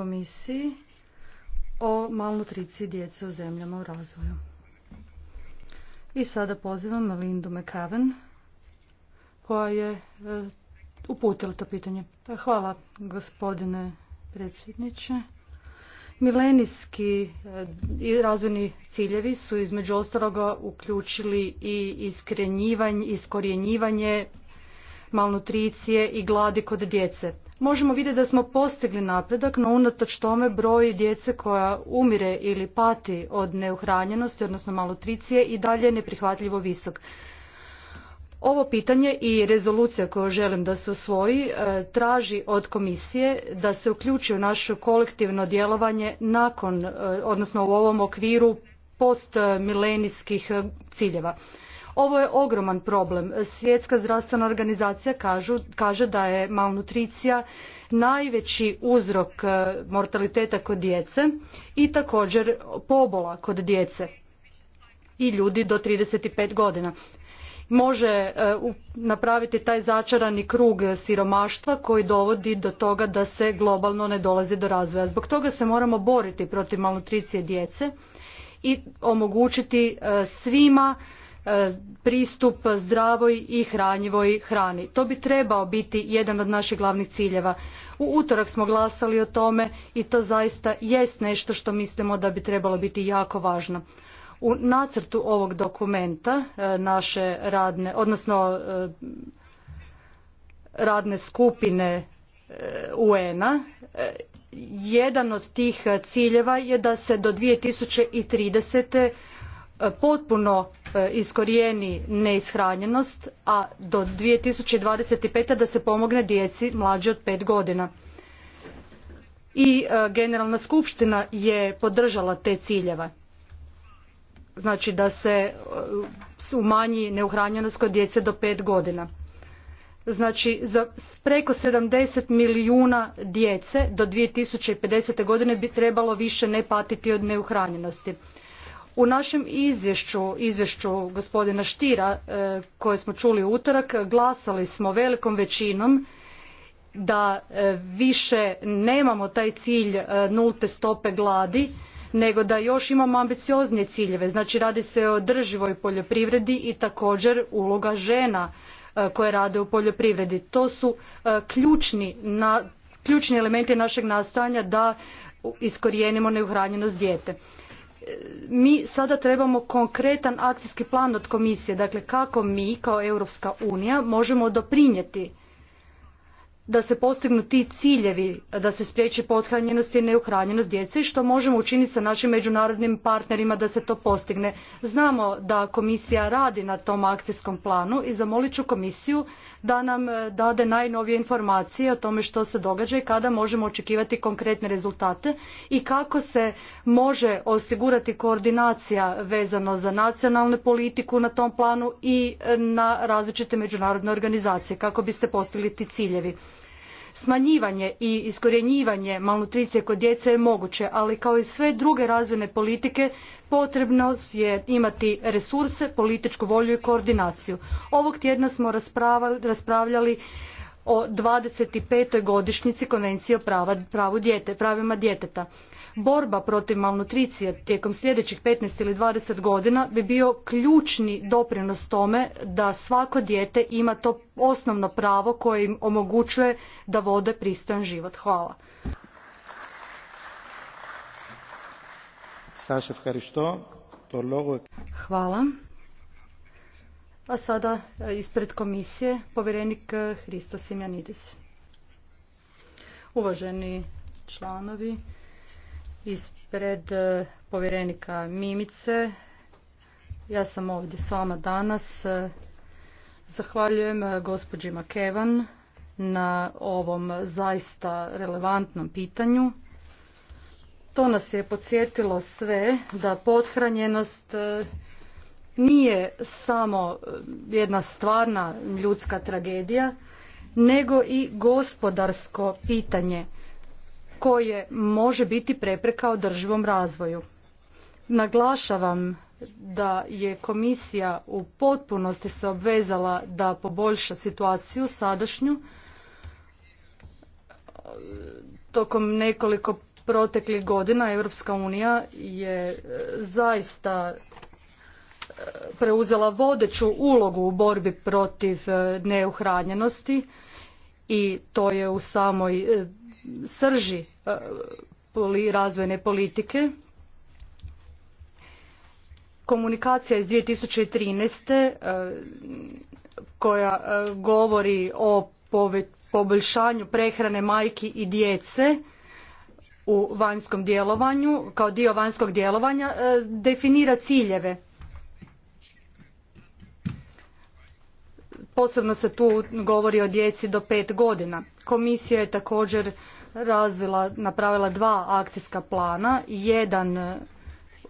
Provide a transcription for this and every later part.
komisiji o malnutrici djece u zemljama u razvoju. I sada pozivam Lindu McCaven koja je e, uputila to pitanje. Hvala gospodine predsjedniče. Milenijski e, i razvojni ciljevi su između ostaloga uključili i iskorjenjivanje malnutricije i gladi kod djece. Možemo vidjeti da smo postigli napredak, no unatoč tome broj djece koja umire ili pati od neuhranjenosti, odnosno malnutricije, i dalje je neprihvatljivo visok. Ovo pitanje i rezolucija koju želim da se usvoji e, traži od komisije da se uključi u naše kolektivno djelovanje nakon, e, odnosno u ovom okviru postmilenijskih ciljeva. Ovo je ogroman problem. Svjetska zdravstvena organizacija kaže da je malnutricija najveći uzrok e, mortaliteta kod djece i također pobola kod djece i ljudi do 35 godina može e, napraviti taj začarani krug siromaštva koji dovodi do toga da se globalno ne dolazi do razvoja. Zbog toga se moramo boriti protiv malnutricije djece i omogućiti e, svima E, pristup zdravoj i hranjivoj hrani. To bi trebao biti jedan od naših glavnih ciljeva. U utorak smo glasali o tome i to zaista jest nešto što mislimo da bi trebalo biti jako važno. U nacrtu ovog dokumenta e, naše radne, odnosno e, radne skupine UN-a jedan od tih ciljeva je da se do 2030 potpuno e, iskorijeni neishranjenost, a do 2025. da se pomogne djeci mlađe od pet godina. I e, Generalna skupština je podržala te ciljeve. Znači da se e, umanji neuhranjenost kod djece do pet godina. Znači za preko 70 milijuna djece do 2050. godine bi trebalo više ne patiti od neuhranjenosti. U našem izvješću, izvješću gospodina Štira e, koje smo čuli u utorak, glasali smo velikom većinom da e, više nemamo taj cilj e, nulte stope gladi, nego da još imamo ambicioznije ciljeve. Znači radi se o održivoj poljoprivredi i također uloga žena koje rade u poljoprivredi. To su ključni, ključni elementi našeg nastojanja da iskorijenimo neuhranjenost dijete mi sada trebamo konkretan akcijski plan od komisije, dakle kako mi kao Europska unija možemo doprinijeti da se postignu ti ciljevi, da se spriječi pothranjenost i neuhranjenost djece i što možemo učiniti sa našim međunarodnim partnerima da se to postigne. Znamo da komisija radi na tom akcijskom planu i zamolit ću komisiju da nam e, dade najnovije informacije o tome što se događa i kada možemo očekivati konkretne rezultate i kako se može osigurati koordinacija vezano za nacionalnu politiku na tom planu i e, na različite međunarodne organizacije kako biste postigli ti ciljevi smanjivanje i iskorjenjivanje malnutricije kod djece je moguće ali kao i sve druge razvojne politike potrebno je imati resurse političku volju i koordinaciju. ovog tjedna smo raspravljali o 25. godišnjici Konvencije o pravima djeteta. Borba protiv malnutricije tijekom sljedećih 15 ili 20 godina bi bio ključni doprinos tome da svako dijete ima to osnovno pravo koje im omogućuje da vode pristojan život. Hvala. A sada e, ispred komisije povjerenik e, Hristo Simjanidis. Uvaženi članovi, ispred e, povjerenika Mimice, ja sam ovdje s vama danas. Zahvaljujem gospođi Makevan na ovom zaista relevantnom pitanju. To nas je podsjetilo sve da pothranjenost nije samo eh, jedna stvarna ljudska tragedija, nego i gospodarsko pitanje koje može biti prepreka održivom razvoju. Naglašavam da je komisija u potpunosti se obvezala da poboljša situaciju sadašnju tokom nekoliko proteklih godina Europska unija je eh, zaista preuzela vodeću ulogu u borbi protiv e, neuhranjenosti i to je u samoj e, srži e, razvojne politike. Komunikacija iz 2013. koja govori o poboljšanju prehrane majki i djece u vanjskom djelovanju, kao dio vanjskog djelovanja, definira ciljeve Posebno se tu govori o djeci do pet godina. Komisija je također razvila, napravila dva akcijska plana. Jedan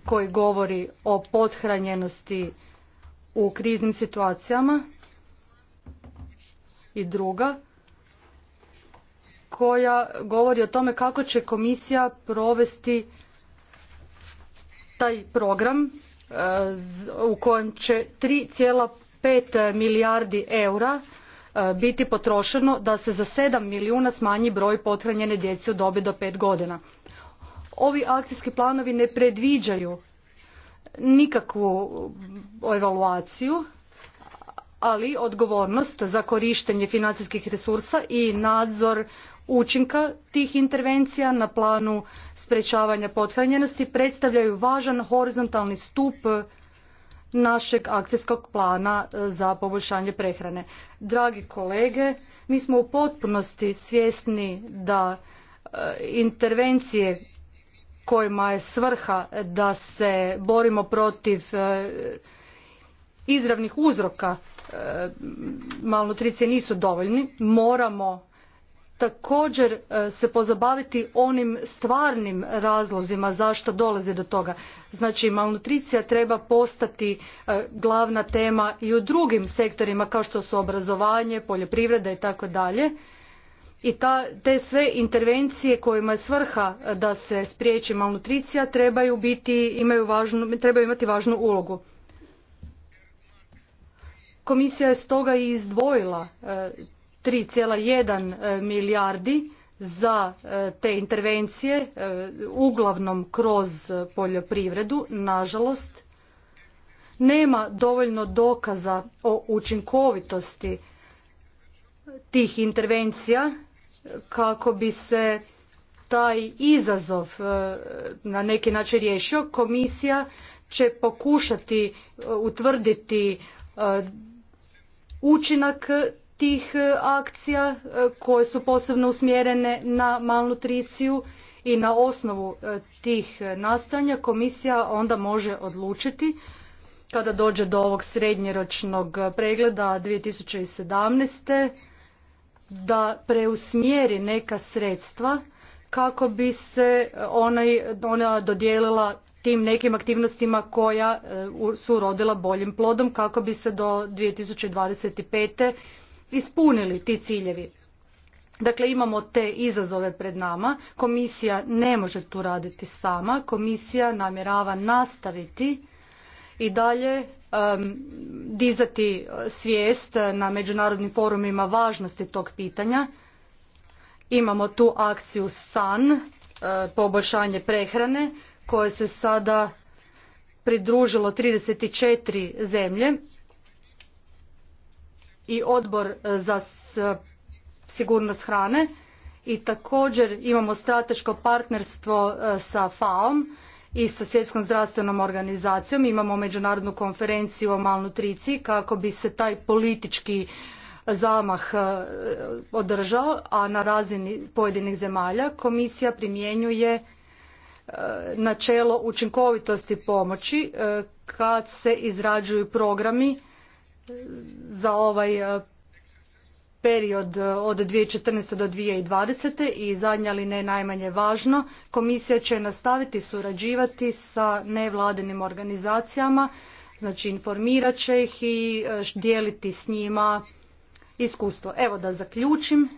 koji govori o pothranjenosti u kriznim situacijama i druga koja govori o tome kako će komisija provesti taj program e, u kojem će 5 milijardi eura e, biti potrošeno da se za 7 milijuna smanji broj pothranjene djece u dobi do 5 godina. Ovi akcijski planovi ne predviđaju nikakvu evaluaciju, ali odgovornost za korištenje financijskih resursa i nadzor učinka tih intervencija na planu sprečavanja pothranjenosti predstavljaju važan horizontalni stup našeg akcijskog plana e, za poboljšanje prehrane. Dragi kolege, mi smo u potpunosti svjesni da e, intervencije kojima je svrha da se borimo protiv e, izravnih uzroka malnutricije nisu dovoljni. Moramo također e, se pozabaviti onim stvarnim razlozima zašto dolaze do toga. Znači malnutricija treba postati e, glavna tema i u drugim sektorima kao što su obrazovanje, poljoprivreda i tako dalje. I ta, te sve intervencije kojima je svrha e, da se spriječi malnutricija trebaju biti, imaju važnu, trebaju imati važnu ulogu. Komisija je stoga i izdvojila 3,1 e, milijardi za e, te intervencije, e, uglavnom kroz poljoprivredu, nažalost, nema dovoljno dokaza o učinkovitosti tih intervencija kako bi se taj izazov na neki način riješio. Komisija će pokušati utvrditi učinak tih e, akcija e, koje su posebno usmjerene na malnutriciju i na osnovu e, tih nastojanja komisija onda može odlučiti kada dođe do ovog srednjeročnog pregleda 2017. da preusmjeri neka sredstva kako bi se ona, ona dodijelila tim nekim aktivnostima koja su rodila boljim plodom kako bi se do 2025 ispunili ti ciljevi. Dakle, imamo te izazove pred nama. Komisija ne može tu raditi sama. Komisija namjerava nastaviti i dalje dizati svijest na međunarodnim forumima važnosti tog pitanja. Imamo tu akciju SAN, e, poboljšanje prehrane, koje se sada pridružilo 34 zemlje i odbor e, za e, sigurnost hrane i također imamo strateško partnerstvo e, sa fao i sa svjetskom zdravstvenom organizacijom. Imamo međunarodnu konferenciju o malnutriciji kako bi se taj politički zamah održao, a na razini pojedinih zemalja komisija primjenjuje načelo učinkovitosti pomoći kad se izrađuju programi za ovaj e, period od 2014. do 2020. i zadnja ali ne najmanje važno, komisija će nastaviti surađivati sa nevladinim organizacijama, znači informirat će ih i e, dijeliti s njima iskustvo. Evo da zaključim,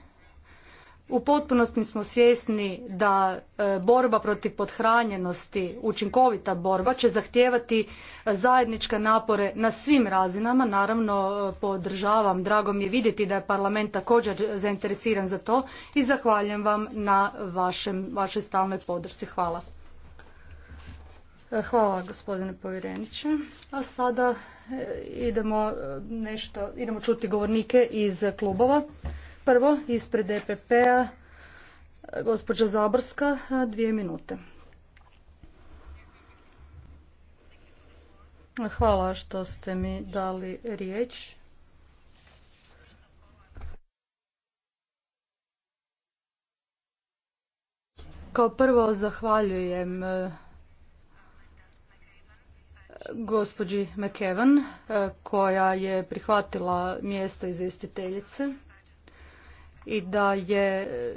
u potpunosti smo svjesni da e, borba protiv podhranjenosti, učinkovita borba će zahtijevati e, zajedničke napore na svim razinama. Naravno e, podržavam, drago mi je vidjeti da je parlament također zainteresiran za to i zahvaljujem vam na vašoj stalnoj podršci. Hvala. Hvala gospodine povjereniče. A sada idemo nešto, idemo čuti govornike iz klubova. Prvo, ispred EPP-a, gospođa Zaborska, dvije minute. Hvala što ste mi dali riječ. Kao prvo zahvaljujem e, gospođi McEvan e, koja je prihvatila mjesto izvjestiteljice i da je e,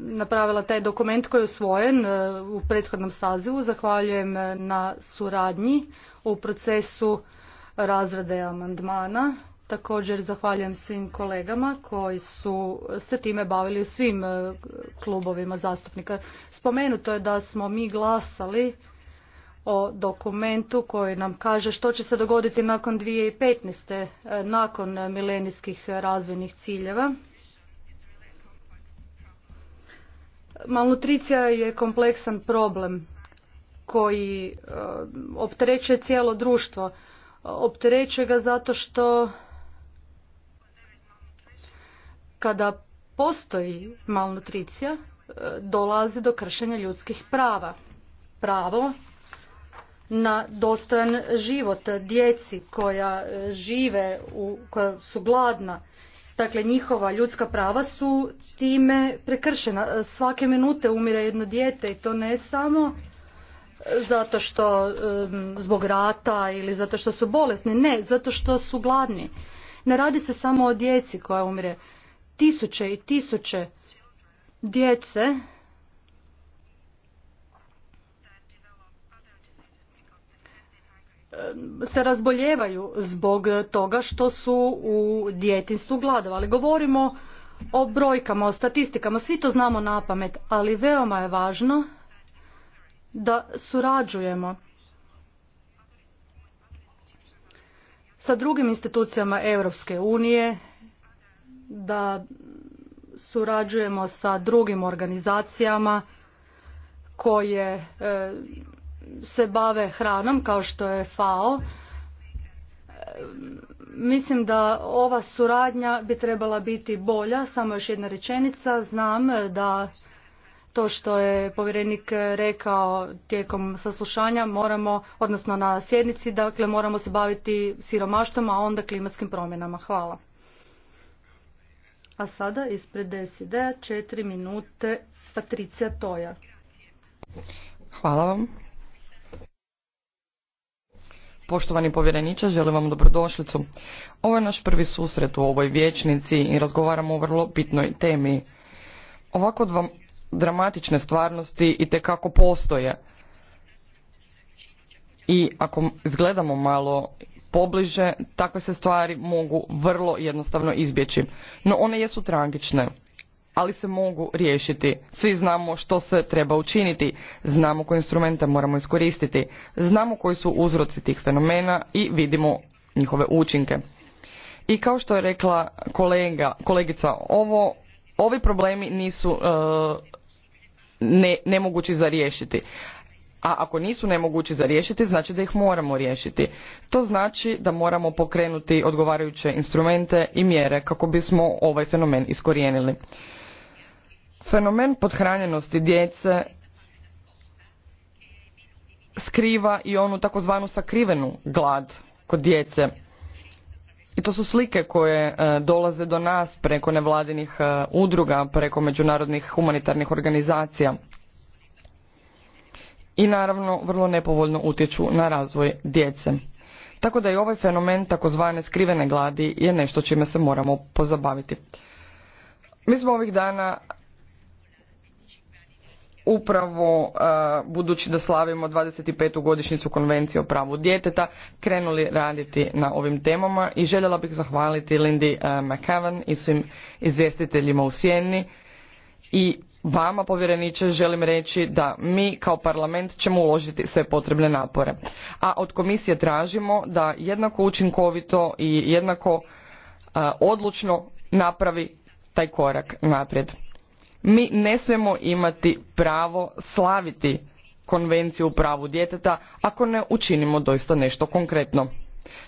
napravila taj dokument koji je usvojen e, u prethodnom sazivu. Zahvaljujem e, na suradnji u procesu razrade amandmana. Također zahvaljujem svim kolegama koji su se time bavili u svim klubovima zastupnika. Spomenuto je da smo mi glasali o dokumentu koji nam kaže što će se dogoditi nakon 2015. nakon milenijskih razvojnih ciljeva. Malnutricija je kompleksan problem koji e, opterećuje cijelo društvo. Opterećuje ga zato što kada postoji malnutricija e, dolazi do kršenja ljudskih prava. Pravo na dostojan život djeci koja žive, u, koja su gladna, Dakle, njihova ljudska prava su time prekršena. Svake minute umire jedno dijete i to ne samo e, zato što e, zbog rata ili zato što su bolesni, ne, zato što su gladni. Ne radi se samo o djeci koja umire. Tisuće i tisuće djece se razboljevaju zbog toga što su u djetinstvu gladovali. Govorimo o brojkama, o statistikama, svi to znamo na pamet, ali veoma je važno da surađujemo sa drugim institucijama Europske unije, da surađujemo sa drugim organizacijama koje e, se bave hranom kao što je FAO e, mislim da ova suradnja bi trebala biti bolja samo još jedna rečenica znam da to što je povjerenik rekao tijekom saslušanja moramo odnosno na sjednici dakle moramo se baviti siromaštvom a onda klimatskim promjenama hvala a sada ispred DSD četiri minute Patricija Toja. Hvala vam. Poštovani povjereniče, želim vam dobrodošlicu. Ovo je naš prvi susret u ovoj vječnici i razgovaramo o vrlo bitnoj temi. Ovako dva dramatične stvarnosti i kako postoje. I ako izgledamo malo pobliže, takve se stvari mogu vrlo jednostavno izbjeći. No one jesu tragične ali se mogu riješiti. Svi znamo što se treba učiniti, znamo koje instrumente moramo iskoristiti, znamo koji su uzroci tih fenomena i vidimo njihove učinke. I kao što je rekla kolega, kolegica, ovo, ovi problemi nisu e, ne, nemogući za riješiti. A ako nisu nemogući za riješiti, znači da ih moramo riješiti. To znači da moramo pokrenuti odgovarajuće instrumente i mjere kako bismo ovaj fenomen iskorijenili. Fenomen podhranjenosti djece skriva i onu takozvanu sakrivenu glad kod djece. I to su slike koje e, dolaze do nas preko nevladinih e, udruga, preko međunarodnih humanitarnih organizacija. I naravno vrlo nepovoljno utječu na razvoj djece. Tako da i ovaj fenomen takozvane skrivene gladi je nešto čime se moramo pozabaviti. Mi smo ovih dana upravo e, budući da slavimo 25. godišnjicu konvencije o pravu djeteta krenuli raditi na ovim temama i željela bih zahvaliti Lindy e, McCavan i svim izvjestiteljima u Sjeni i vama povjereniče želim reći da mi kao parlament ćemo uložiti sve potrebne napore. A od komisije tražimo da jednako učinkovito i jednako e, odlučno napravi taj korak naprijed. Mi ne smijemo imati pravo slaviti konvenciju o pravu djeteta ako ne učinimo doista nešto konkretno.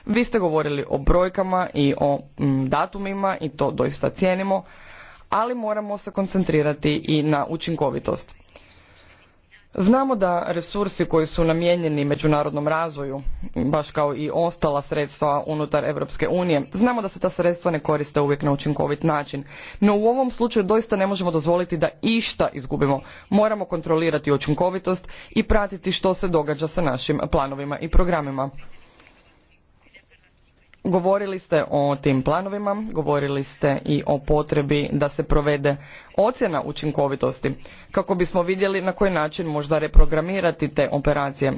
Vi ste govorili o brojkama i o mm, datumima i to doista cijenimo, ali moramo se koncentrirati i na učinkovitost. Znamo da resursi koji su namijenjeni međunarodnom razvoju, baš kao i ostala sredstva unutar Europske unije, znamo da se ta sredstva ne koriste uvijek na učinkovit način. No u ovom slučaju doista ne možemo dozvoliti da išta izgubimo. Moramo kontrolirati učinkovitost i pratiti što se događa sa našim planovima i programima. Govorili ste o tim planovima, govorili ste i o potrebi da se provede ocjena učinkovitosti kako bismo vidjeli na koji način možda reprogramirati te operacije.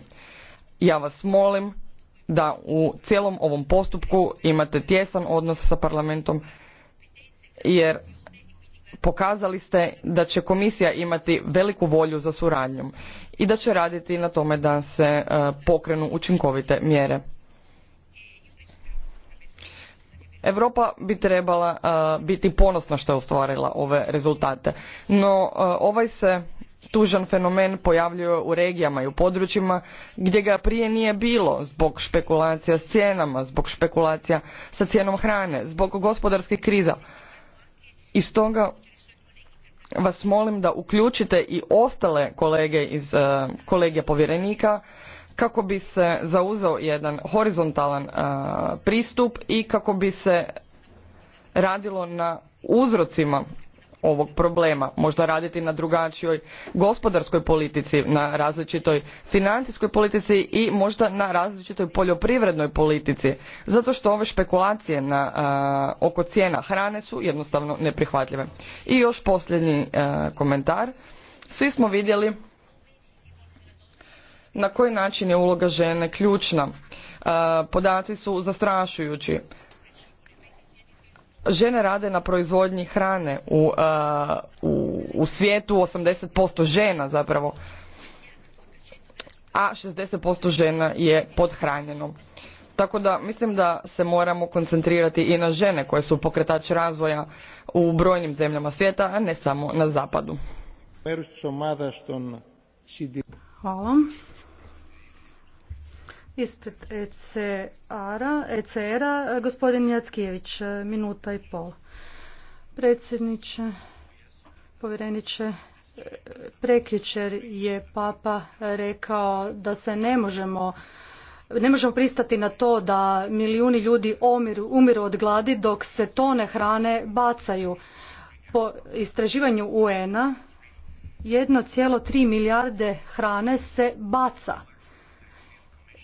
Ja vas molim da u cijelom ovom postupku imate tjesan odnos sa parlamentom jer pokazali ste da će komisija imati veliku volju za suradnjom i da će raditi na tome da se e, pokrenu učinkovite mjere. Europa bi trebala eh, biti ponosna što je ostvarila ove rezultate. No, eh, ovaj se tužan fenomen pojavljuje u regijama i u područjima gdje ga prije nije bilo zbog špekulacija s cijenama, zbog špekulacija sa cijenom hrane, zbog gospodarskih kriza. I stoga vas molim da uključite i ostale kolege iz eh, kolegija povjerenika kako bi se zauzeo jedan horizontalan pristup i kako bi se radilo na uzrocima ovog problema možda raditi na drugačijoj gospodarskoj politici na različitoj financijskoj politici i možda na različitoj poljoprivrednoj politici zato što ove špekulacije na, oko cijena hrane su jednostavno neprihvatljive i još posljednji komentar svi smo vidjeli na koji način je uloga žene ključna. E, podaci su zastrašujući. Žene rade na proizvodnji hrane u, e, u, u svijetu 80% žena zapravo, a 60% žena je podhranjeno. Tako da mislim da se moramo koncentrirati i na žene koje su pokretač razvoja u brojnim zemljama svijeta, a ne samo na zapadu. Hvala. Ispred ECR-a, e e gospodin Jackijević, minuta i pol. Predsjedniče, povjereniče, prekjučer je papa rekao da se ne možemo ne možemo pristati na to da milijuni ljudi umiru, umiru od gladi dok se tone hrane bacaju. Po istraživanju UN-a 1,3 milijarde hrane se baca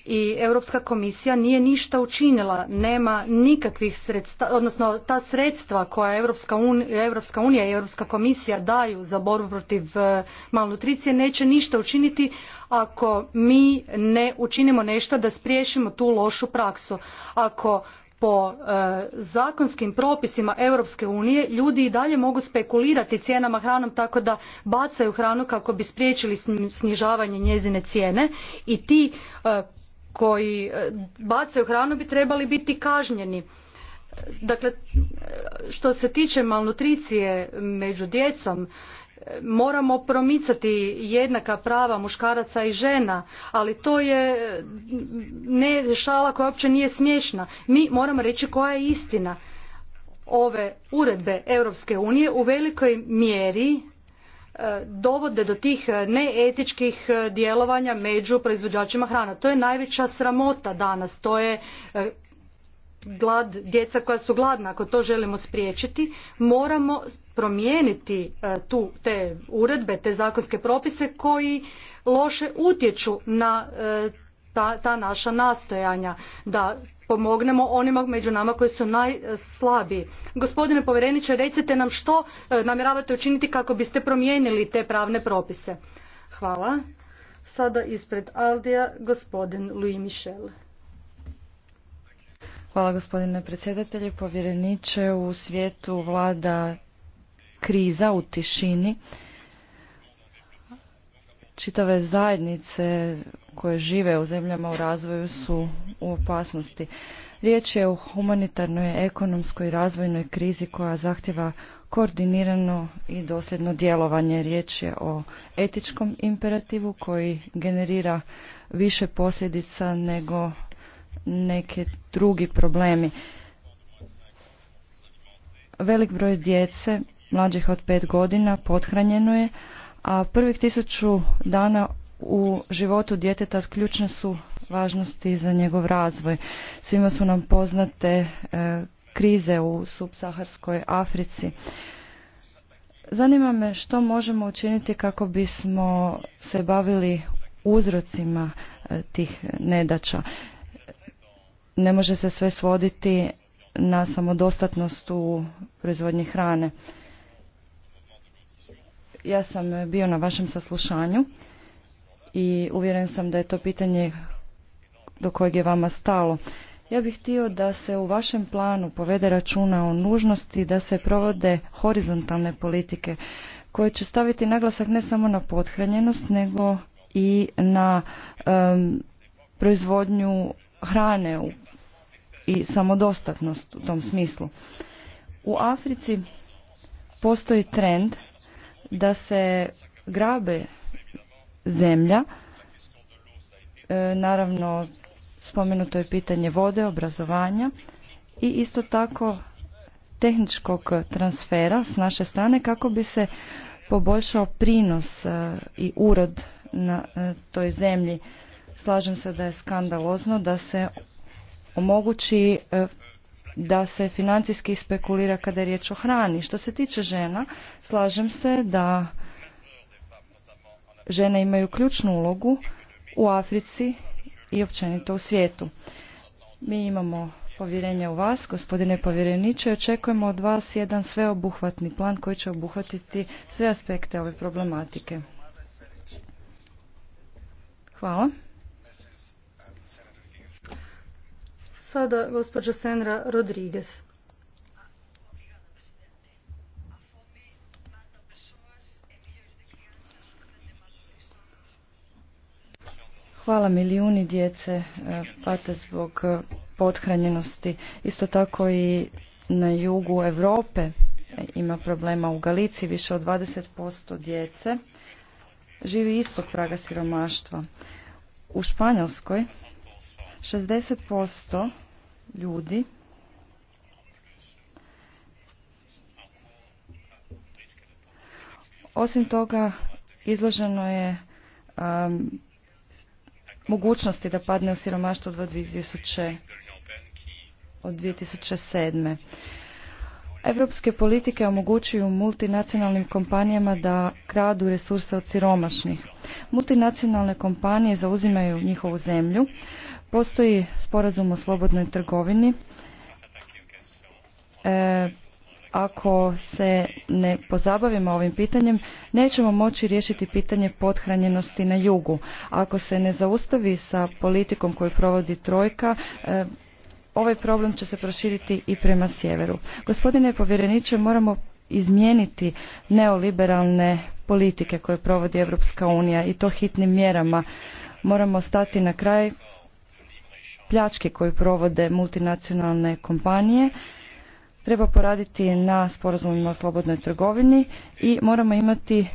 i Europska komisija nije ništa učinila, nema nikakvih sredstava, odnosno ta sredstva koja Europska unija, unija i Europska komisija daju za borbu protiv e, malnutricije neće ništa učiniti ako mi ne učinimo nešto da spriješimo tu lošu praksu. Ako po e, zakonskim propisima Europske unije ljudi i dalje mogu spekulirati cijenama hranom tako da bacaju hranu kako bi spriječili snižavanje njezine cijene i ti e, koji e, bacaju hranu bi trebali biti kažnjeni. Dakle, što se tiče malnutricije među djecom, e, moramo promicati jednaka prava muškaraca i žena, ali to je e, ne šala koja uopće nije smiješna. Mi moramo reći koja je istina. Ove uredbe Europske unije u velikoj mjeri dovode do tih neetičkih djelovanja među proizvođačima hrana. To je najveća sramota danas, to je e, glad, djeca koja su gladna, ako to želimo spriječiti, moramo promijeniti e, tu te uredbe, te zakonske propise koji loše utječu na e, ta, ta naša nastojanja da pomognemo onima među nama koji su najslabiji. Gospodine povjereniče, recite nam što e, namjeravate učiniti kako biste promijenili te pravne propise. Hvala. Sada ispred Aldija gospodin Louis Michel. Hvala gospodine predsjedatelju, povjereniče. U svijetu vlada kriza u tišini čitave zajednice koje žive u zemljama u razvoju su u opasnosti. Riječ je o humanitarnoj, ekonomskoj i razvojnoj krizi koja zahtjeva koordinirano i dosljedno djelovanje. Riječ je o etičkom imperativu koji generira više posljedica nego neki drugi problemi. Velik broj djece mlađih od pet godina pothranjeno je, a prvih tisuću dana u životu djeteta ključne su važnosti za njegov razvoj. Svima su nam poznate e, krize u subsaharskoj Africi. Zanima me što možemo učiniti kako bismo se bavili uzrocima e, tih nedaća. Ne može se sve svoditi na samodostatnost u proizvodnji hrane. Ja sam eh, bio na vašem saslušanju i uvjeren sam da je to pitanje do kojeg je vama stalo. Ja bih htio da se u vašem planu povede računa o nužnosti da se provode horizontalne politike koje će staviti naglasak ne samo na pothranjenost nego i na proizvodnju hrane i samodostatnost u tom smislu. U Africi postoji trend da se grabe zemlja. E, naravno, spomenuto je pitanje vode, obrazovanja i isto tako tehničkog transfera s naše strane kako bi se poboljšao prinos e, i urod na e, toj zemlji. Slažem se da je skandalozno da se omogući da se financijski spekulira kada je riječ o hrani. Što se tiče žena, slažem se da žene imaju ključnu ulogu u Africi i općenito u svijetu. Mi imamo povjerenje u vas, gospodine povjereniče, očekujemo od vas jedan sveobuhvatni plan koji će obuhvatiti sve aspekte ove problematike. Hvala. Sada gospođa Senra Rodriguez. Hvala milijuni djece e, pate zbog e, pothranjenosti. Isto tako i na jugu Europe e, ima problema u Galiciji. Više od 20% djece živi ispod praga siromaštva. U Španjolskoj 60% ljudi osim toga izloženo je um, mogućnosti da padne u siromaštvo od 2000 od 2007. Evropske politike omogućuju multinacionalnim kompanijama da kradu resurse od siromašnih. Multinacionalne kompanije zauzimaju njihovu zemlju, Postoji sporazum o slobodnoj trgovini. E, ako se ne pozabavimo ovim pitanjem, nećemo moći riješiti pitanje pothranjenosti na jugu. Ako se ne zaustavi sa politikom koju provodi trojka, e, ovaj problem će se proširiti i prema sjeveru. Gospodine povjereniče, moramo izmijeniti neoliberalne politike koje provodi Europska unija i to hitnim mjerama. Moramo stati na kraj pljačke koju provode multinacionalne kompanije. Treba poraditi na sporazumima o slobodnoj trgovini i moramo imati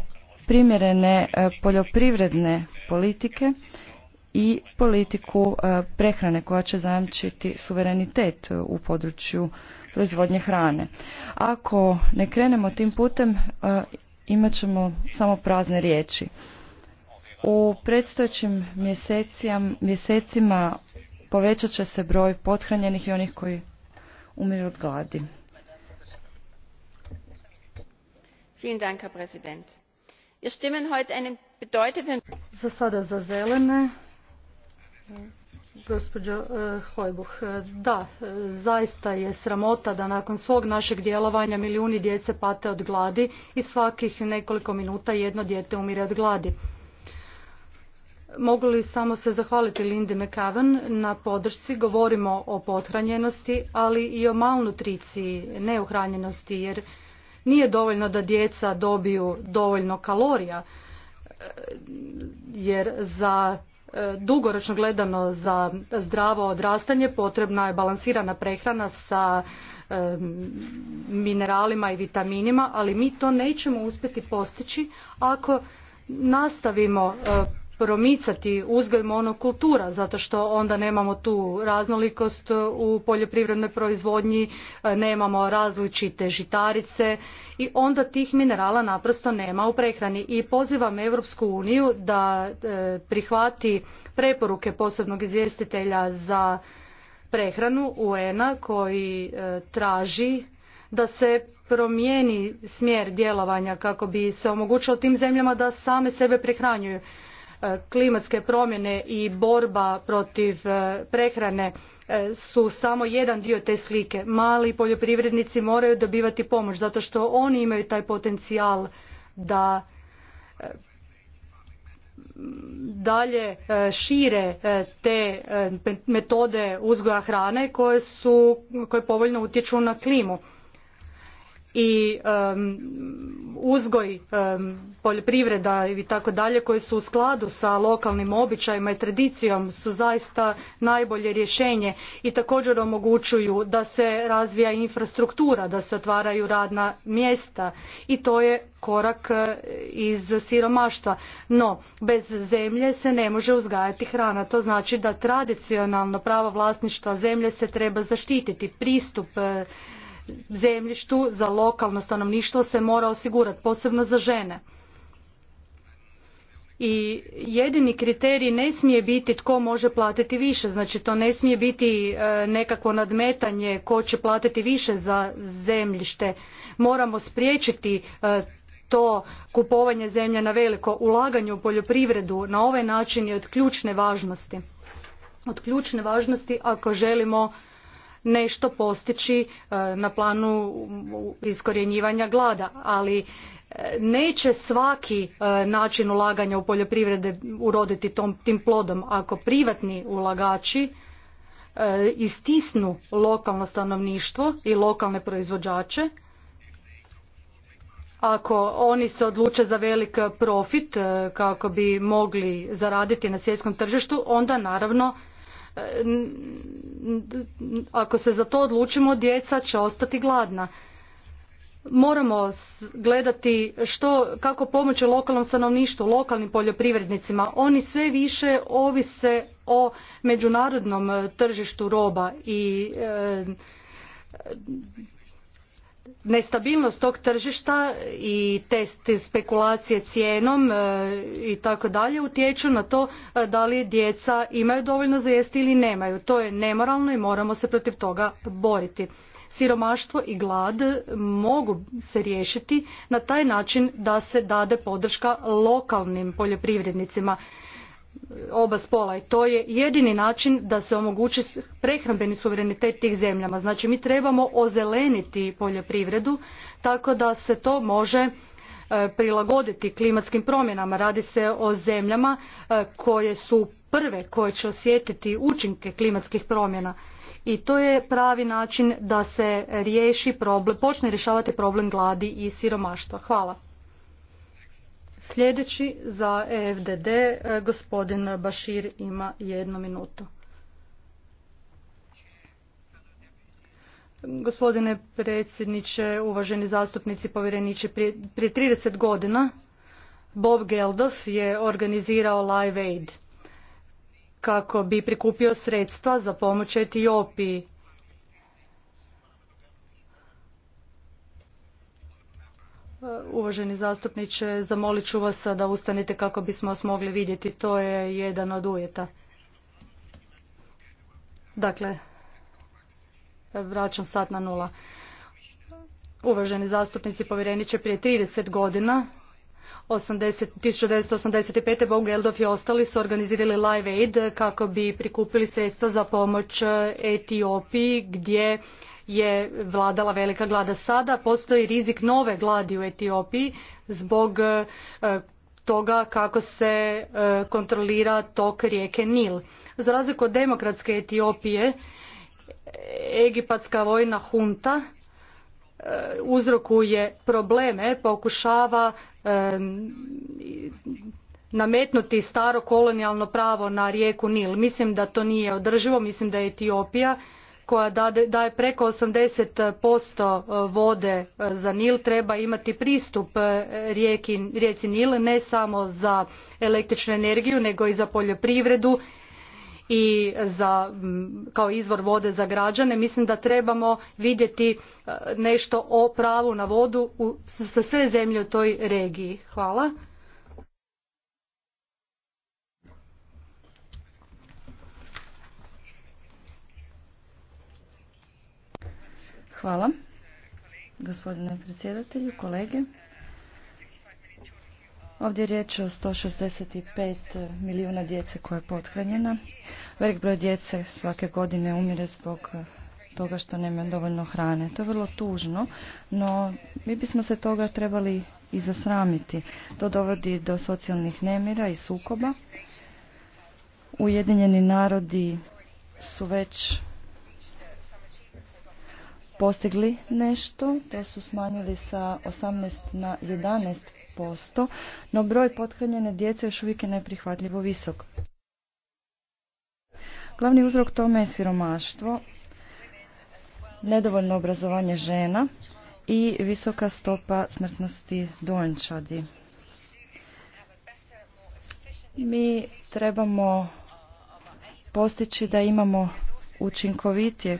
primjerene e, poljoprivredne politike i politiku e, prehrane koja će zajamčiti suverenitet u području proizvodnje hrane. Ako ne krenemo tim putem e, imat ćemo samo prazne riječi. U predstojećim mjesecima povećat će se broj pothranjenih i onih koji umiru od gladi. Za sada za zelene. Gospođo eh, Hojbuh, eh, da, eh, zaista je sramota da nakon svog našeg djelovanja milijuni djece pate od gladi i svakih nekoliko minuta jedno djete umire od gladi mogu li samo se zahvaliti Lindy McAvan na podršci. Govorimo o pothranjenosti, ali i o malnutriciji, neuhranjenosti, jer nije dovoljno da djeca dobiju dovoljno kalorija, e, jer za e, dugoročno gledano za zdravo odrastanje potrebna je balansirana prehrana sa e, mineralima i vitaminima, ali mi to nećemo uspjeti postići ako nastavimo promicati uzgoj monokultura zato što onda nemamo tu raznolikost u poljoprivrednoj proizvodnji, e, nemamo različite žitarice i onda tih minerala naprosto nema u prehrani. I pozivam Europsku uniju da e, prihvati preporuke posebnog izvjestitelja za prehranu UN-a koji e, traži da se promijeni smjer djelovanja kako bi se omogućilo tim zemljama da same sebe prehranjuju. E, klimatske promjene i borba protiv e, prehrane e, su samo jedan dio te slike. Mali poljoprivrednici moraju dobivati pomoć zato što oni imaju taj potencijal da dalje šire te metode uzgoja hrane koje, su, koje povoljno utječu na klimu i uzgoj poljoprivreda i tako dalje koji su u skladu sa lokalnim običajima i tradicijom su zaista najbolje rješenje i također omogućuju da se razvija infrastruktura da se otvaraju radna mjesta i to je korak e, iz siromaštva no bez zemlje se ne može uzgajati hrana to znači da tradicionalno pravo vlasništva zemlje se treba zaštititi pristup e, zemljištu za lokalno stanovništvo se mora osigurati, posebno za žene. I jedini kriterij ne smije biti tko može platiti više, znači to ne smije biti e, nekakvo nadmetanje tko će platiti više za zemljište. Moramo spriječiti e, to kupovanje zemlje na veliko, ulaganje u poljoprivredu na ovaj način je od ključne važnosti. Od ključne važnosti ako želimo nešto postići e, na planu iskorjenjivanja glada, ali e, neće svaki e, način ulaganja u poljoprivrede uroditi tom, tim plodom ako privatni ulagači istisnu lokalno stanovništvo i lokalne proizvođače ako oni se odluče za velik profit kako bi mogli zaraditi na svjetskom tržištu onda naravno ako se za to odlučimo djeca će ostati gladna moramo gledati kako pomoći lokalnom stanovništvu, lokalnim poljoprivrednicima. Oni sve više ovise o međunarodnom e, tržištu roba i e, nestabilnost tog tržišta i te spekulacije cijenom e, i tako dalje utječu na to e, da li djeca imaju dovoljno za jesti ili nemaju. To je nemoralno i moramo se protiv toga boriti. Siromaštvo i glad mogu se riješiti na taj način da se dade podrška lokalnim poljoprivrednicima oba spola i to je jedini način da se omogući prehrambeni suverenitet tih zemljama. Znači mi trebamo ozeleniti poljoprivredu tako da se to može e, prilagoditi klimatskim promjenama. Radi se o zemljama e, koje su prve koje će osjetiti učinke klimatskih promjena i to je pravi način da se riješi problem, počne rješavati problem gladi i siromaštva. Hvala. Sljedeći za EFDD e, gospodin Bašir ima jednu minutu. Gospodine predsjedniče, uvaženi zastupnici, povjereniče, prije, prije 30 godina Bob Geldof je organizirao Live Aid kako bi prikupio sredstva za pomoć Etiopiji Uvaženi zastupniče, zamolit ću vas da ustanete kako bismo vas mogli vidjeti. To je jedan od ujeta. Dakle, vraćam sat na nula. Uvaženi zastupnici povjereniče, prije 30 godina 1985. Bog Geldof i ostali su organizirali Live Aid kako bi prikupili sredstva za pomoć Etiopiji gdje je vladala velika glada. Sada postoji rizik nove gladi u Etiopiji zbog e, toga kako se e, kontrolira tok rijeke Nil. Za razliku od demokratske Etiopije, egipatska vojna hunta e, uzrokuje probleme, pokušava nametnuti staro kolonijalno pravo na rijeku Nil. Mislim da to nije održivo, mislim da je Etiopija koja daje preko 80% e, vode e, za Nil treba imati pristup e, rijeci Nil ne samo za električnu energiju nego i za poljoprivredu i kao izvor vode za građane. Mislim da trebamo vidjeti nešto o pravu na vodu za sve zemlje u toj regiji. Hvala. Hvala. Gospodine predsjedatelju, kolege. Ovdje je riječ o 165 milijuna djece koja je pothranjena. Velik broj djece svake godine umire zbog toga što nema dovoljno hrane. To je vrlo tužno, no mi bismo se toga trebali i zasramiti. To dovodi do socijalnih nemira i sukoba. Ujedinjeni narodi su već postigli nešto, to su smanjili sa 18 na 11 posto, no broj pothranjene djece još uvijek je neprihvatljivo visok. Glavni uzrok tome je siromaštvo, nedovoljno obrazovanje žena i visoka stopa smrtnosti dojenčadi. Mi trebamo postići da imamo učinkovitije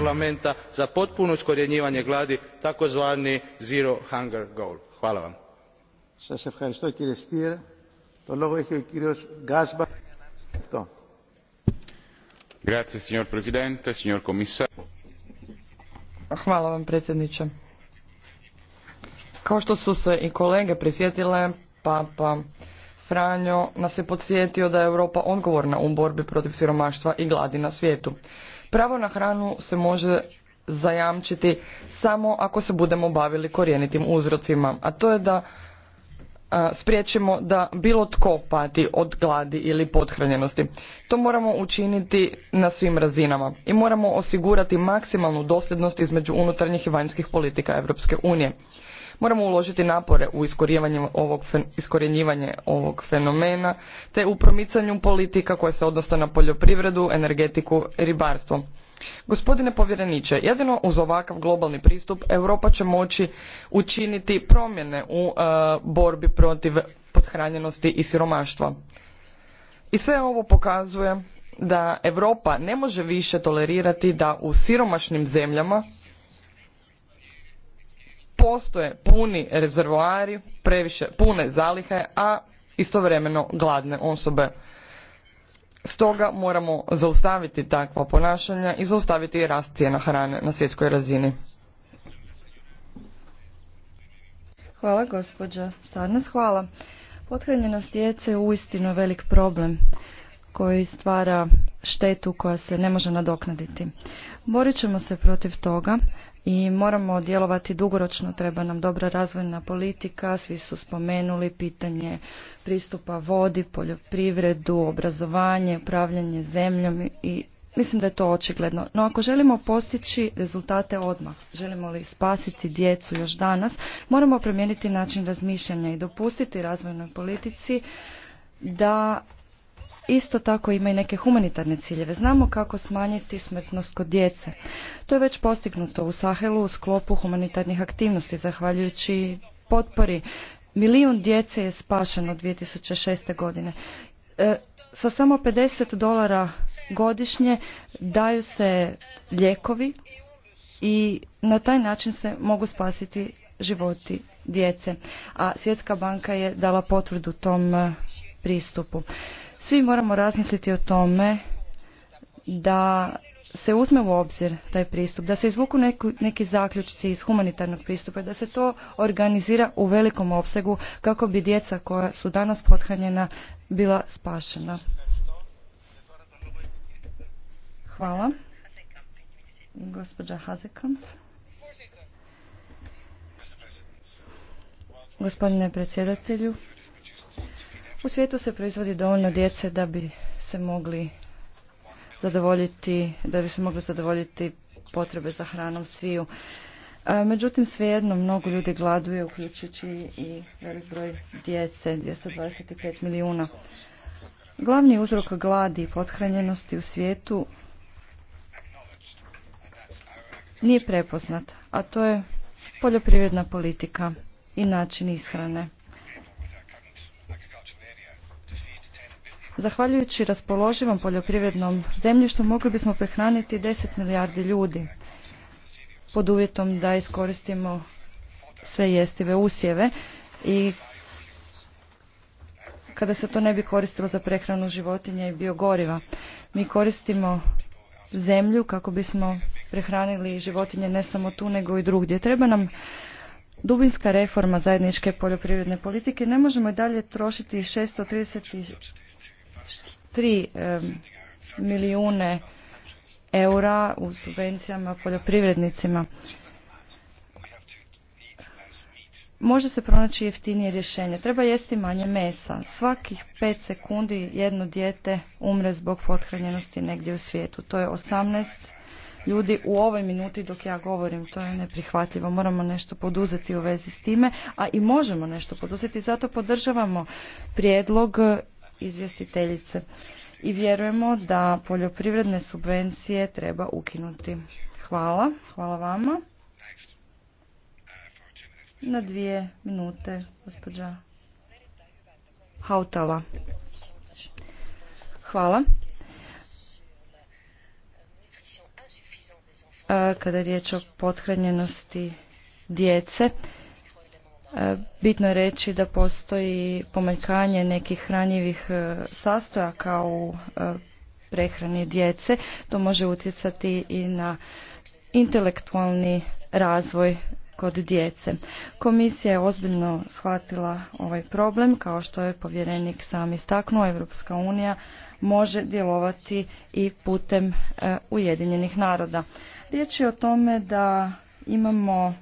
parlamenta za potpuno iskorjenjivanje gladi tzv. zero hunger goal. hvala vam. hvala vam predsjedniče. kao što su se i kolege prisjetile papa franjo nas je podsjetio da je europa odgovorna u borbi protiv siromaštva i gladi na svijetu. Pravo na hranu se može zajamčiti samo ako se budemo bavili korijenitim uzrocima, a to je da spriječimo da bilo tko pati od gladi ili pothranjenosti. To moramo učiniti na svim razinama i moramo osigurati maksimalnu dosljednost između unutarnjih i vanjskih politika Europske unije. Moramo uložiti napore u iskorjenjivanje ovog fenomena te u promicanju politika koje se odnose na poljoprivredu, energetiku i ribarstvo. Gospodine povjereniče, jedino uz ovakav globalni pristup Europa će moći učiniti promjene u e, borbi protiv pothranjenosti i siromaštva. I sve ovo pokazuje da Europa ne može više tolerirati da u siromašnim zemljama postoje puni rezervoari, previše pune zalihe, a istovremeno gladne osobe. Stoga moramo zaustaviti takva ponašanja i zaustaviti i rast cijena hrane na svjetskoj razini. Hvala gospođa Sarnas, hvala. Pothranjenost djece je uistinu velik problem koji stvara štetu koja se ne može nadoknaditi. Borit ćemo se protiv toga i moramo djelovati dugoročno, treba nam dobra razvojna politika, svi su spomenuli pitanje pristupa vodi, poljoprivredu, obrazovanje, upravljanje zemljom i mislim da je to očigledno. No ako želimo postići rezultate odmah, želimo li spasiti djecu još danas, moramo promijeniti način razmišljanja i dopustiti razvojnoj politici da isto tako ima i neke humanitarne ciljeve. Znamo kako smanjiti smrtnost kod djece. To je već postignuto u Sahelu u sklopu humanitarnih aktivnosti, zahvaljujući potpori. Milijun djece je spašeno 2006. godine. E, sa samo 50 dolara godišnje daju se lijekovi i na taj način se mogu spasiti životi djece. A Svjetska banka je dala potvrdu tom e, pristupu. Svi moramo razmisliti o tome da se uzme u obzir taj pristup, da se izvuku neki zaključci iz humanitarnog pristupa, da se to organizira u velikom opsegu kako bi djeca koja su danas pothranjena bila spašena. Hvala. Gospođa Hazekamp. Gospodine predsjedatelju, u svijetu se proizvodi dovoljno djece da bi se mogli zadovoljiti, da bi se mogli zadovoljiti potrebe za hranom sviju. E, međutim, svejedno mnogo ljudi gladuje, uključujući i velik broj djece, 225 milijuna. Glavni uzrok gladi i pothranjenosti u svijetu nije prepoznat, a to je poljoprivredna politika i način ishrane. Zahvaljujući raspoloživom poljoprivrednom zemljištu mogli bismo prehraniti 10 milijardi ljudi pod uvjetom da iskoristimo sve jestive usjeve i kada se to ne bi koristilo za prehranu životinja i biogoriva. Mi koristimo zemlju kako bismo prehranili životinje ne samo tu nego i drugdje. Treba nam dubinska reforma zajedničke poljoprivredne politike. Ne možemo i dalje trošiti trideset 3 milijune eura u subvencijama poljoprivrednicima. Može se pronaći jeftinije rješenje. Treba jesti manje mesa. Svakih 5 sekundi jedno dijete umre zbog pothranjenosti negdje u svijetu. To je 18 ljudi u ovoj minuti dok ja govorim. To je neprihvatljivo. Moramo nešto poduzeti u vezi s time, a i možemo nešto poduzeti. Zato podržavamo prijedlog izvjestiteljice i vjerujemo da poljoprivredne subvencije treba ukinuti. Hvala, hvala vama. Na dvije minute, gospođa Hautala. Hvala. E, kada je riječ o pothranjenosti djece, E, bitno je reći da postoji pomanjkanje nekih hranjivih e, sastojaka u e, prehrani djece. To može utjecati i na intelektualni razvoj kod djece. Komisija je ozbiljno shvatila ovaj problem, kao što je povjerenik sam istaknuo, Europska unija može djelovati i putem Ujedinjenih naroda. Riječ je o tome da imamo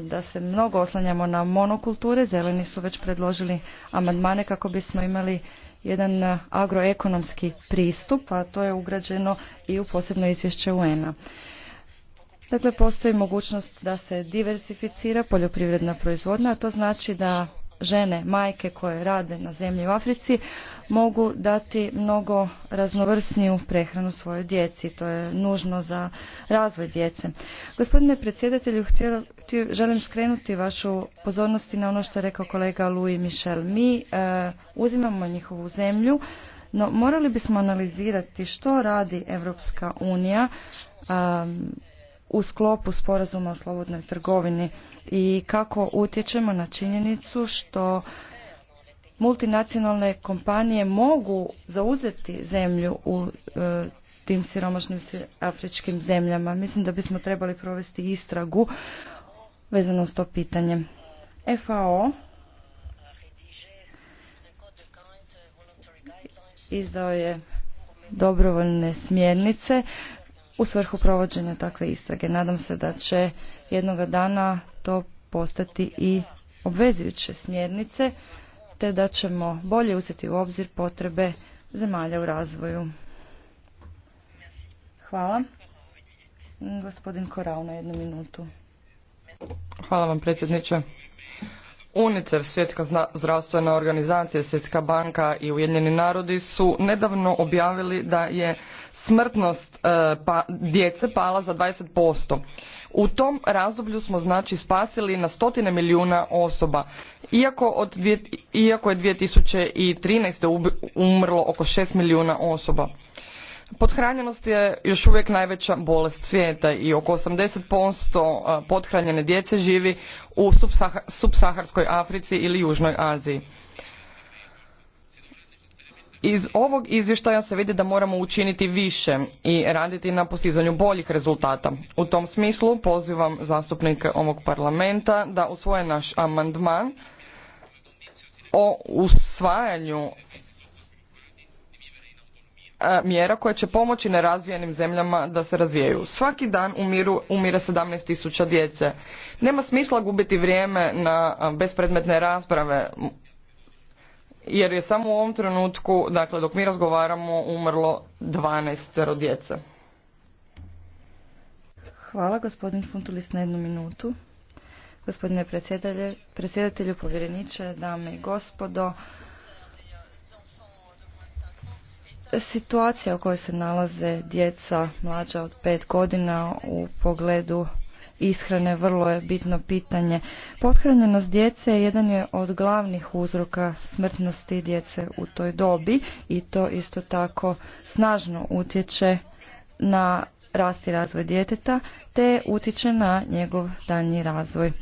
da se mnogo oslanjamo na monokulture. Zeleni su već predložili amandmane kako bismo imali jedan agroekonomski pristup, a to je ugrađeno i u posebno izvješće UN-a. Dakle, postoji mogućnost da se diversificira poljoprivredna proizvodnja, a to znači da žene, majke koje rade na zemlji u Africi mogu dati mnogo raznovrsniju prehranu svojoj djeci. To je nužno za razvoj djece. Gospodine predsjedatelju, želim skrenuti vašu pozornost na ono što je rekao kolega Louis Michel. Mi e, uzimamo njihovu zemlju, no morali bismo analizirati što radi Europska unija, u sklopu sporazuma o slobodnoj trgovini i kako utječemo na činjenicu što multinacionalne kompanije mogu zauzeti zemlju u e, tim siromašnim afričkim zemljama. Mislim da bismo trebali provesti istragu vezano s to pitanje. FAO izdao je dobrovoljne smjernice u svrhu provođenja takve istrage. Nadam se da će jednoga dana to postati i obvezujuće smjernice, te da ćemo bolje uzeti u obzir potrebe zemalja u razvoju. Hvala. Gospodin Korao na jednu minutu. Hvala vam predsjedniče. UNICEF, Svjetska zdravstvena organizacija, Svjetska banka i Ujedinjeni narodi su nedavno objavili da je smrtnost e, pa, djece pala za 20%. U tom razdoblju smo znači spasili na stotine milijuna osoba. Iako, od dvije, iako je 2013. umrlo oko 6 milijuna osoba. Pothranjenost je još uvijek najveća bolest svijeta i oko 80% pothranjene djece živi u subsaharskoj Africi ili Južnoj Aziji. Iz ovog izvještaja se vidi da moramo učiniti više i raditi na postizanju boljih rezultata. U tom smislu pozivam zastupnike ovog parlamenta da usvoje naš amandman o usvajanju E, mjera koje će pomoći nerazvijenim zemljama da se razvijaju. Svaki dan umiru, umire 17 tisuća djece. Nema smisla gubiti vrijeme na e, bespredmetne rasprave jer je samo u ovom trenutku, dakle dok mi razgovaramo, umrlo 12 djece. Hvala gospodin Funtulis na jednu minutu. Gospodine predsjedatelju, povjereniče, dame i gospodo, situacija u kojoj se nalaze djeca mlađa od pet godina u pogledu ishrane vrlo je bitno pitanje. Pothranjenost djece jedan je od glavnih uzroka smrtnosti djece u toj dobi i to isto tako snažno utječe na rast i razvoj djeteta te utječe na njegov danji razvoj.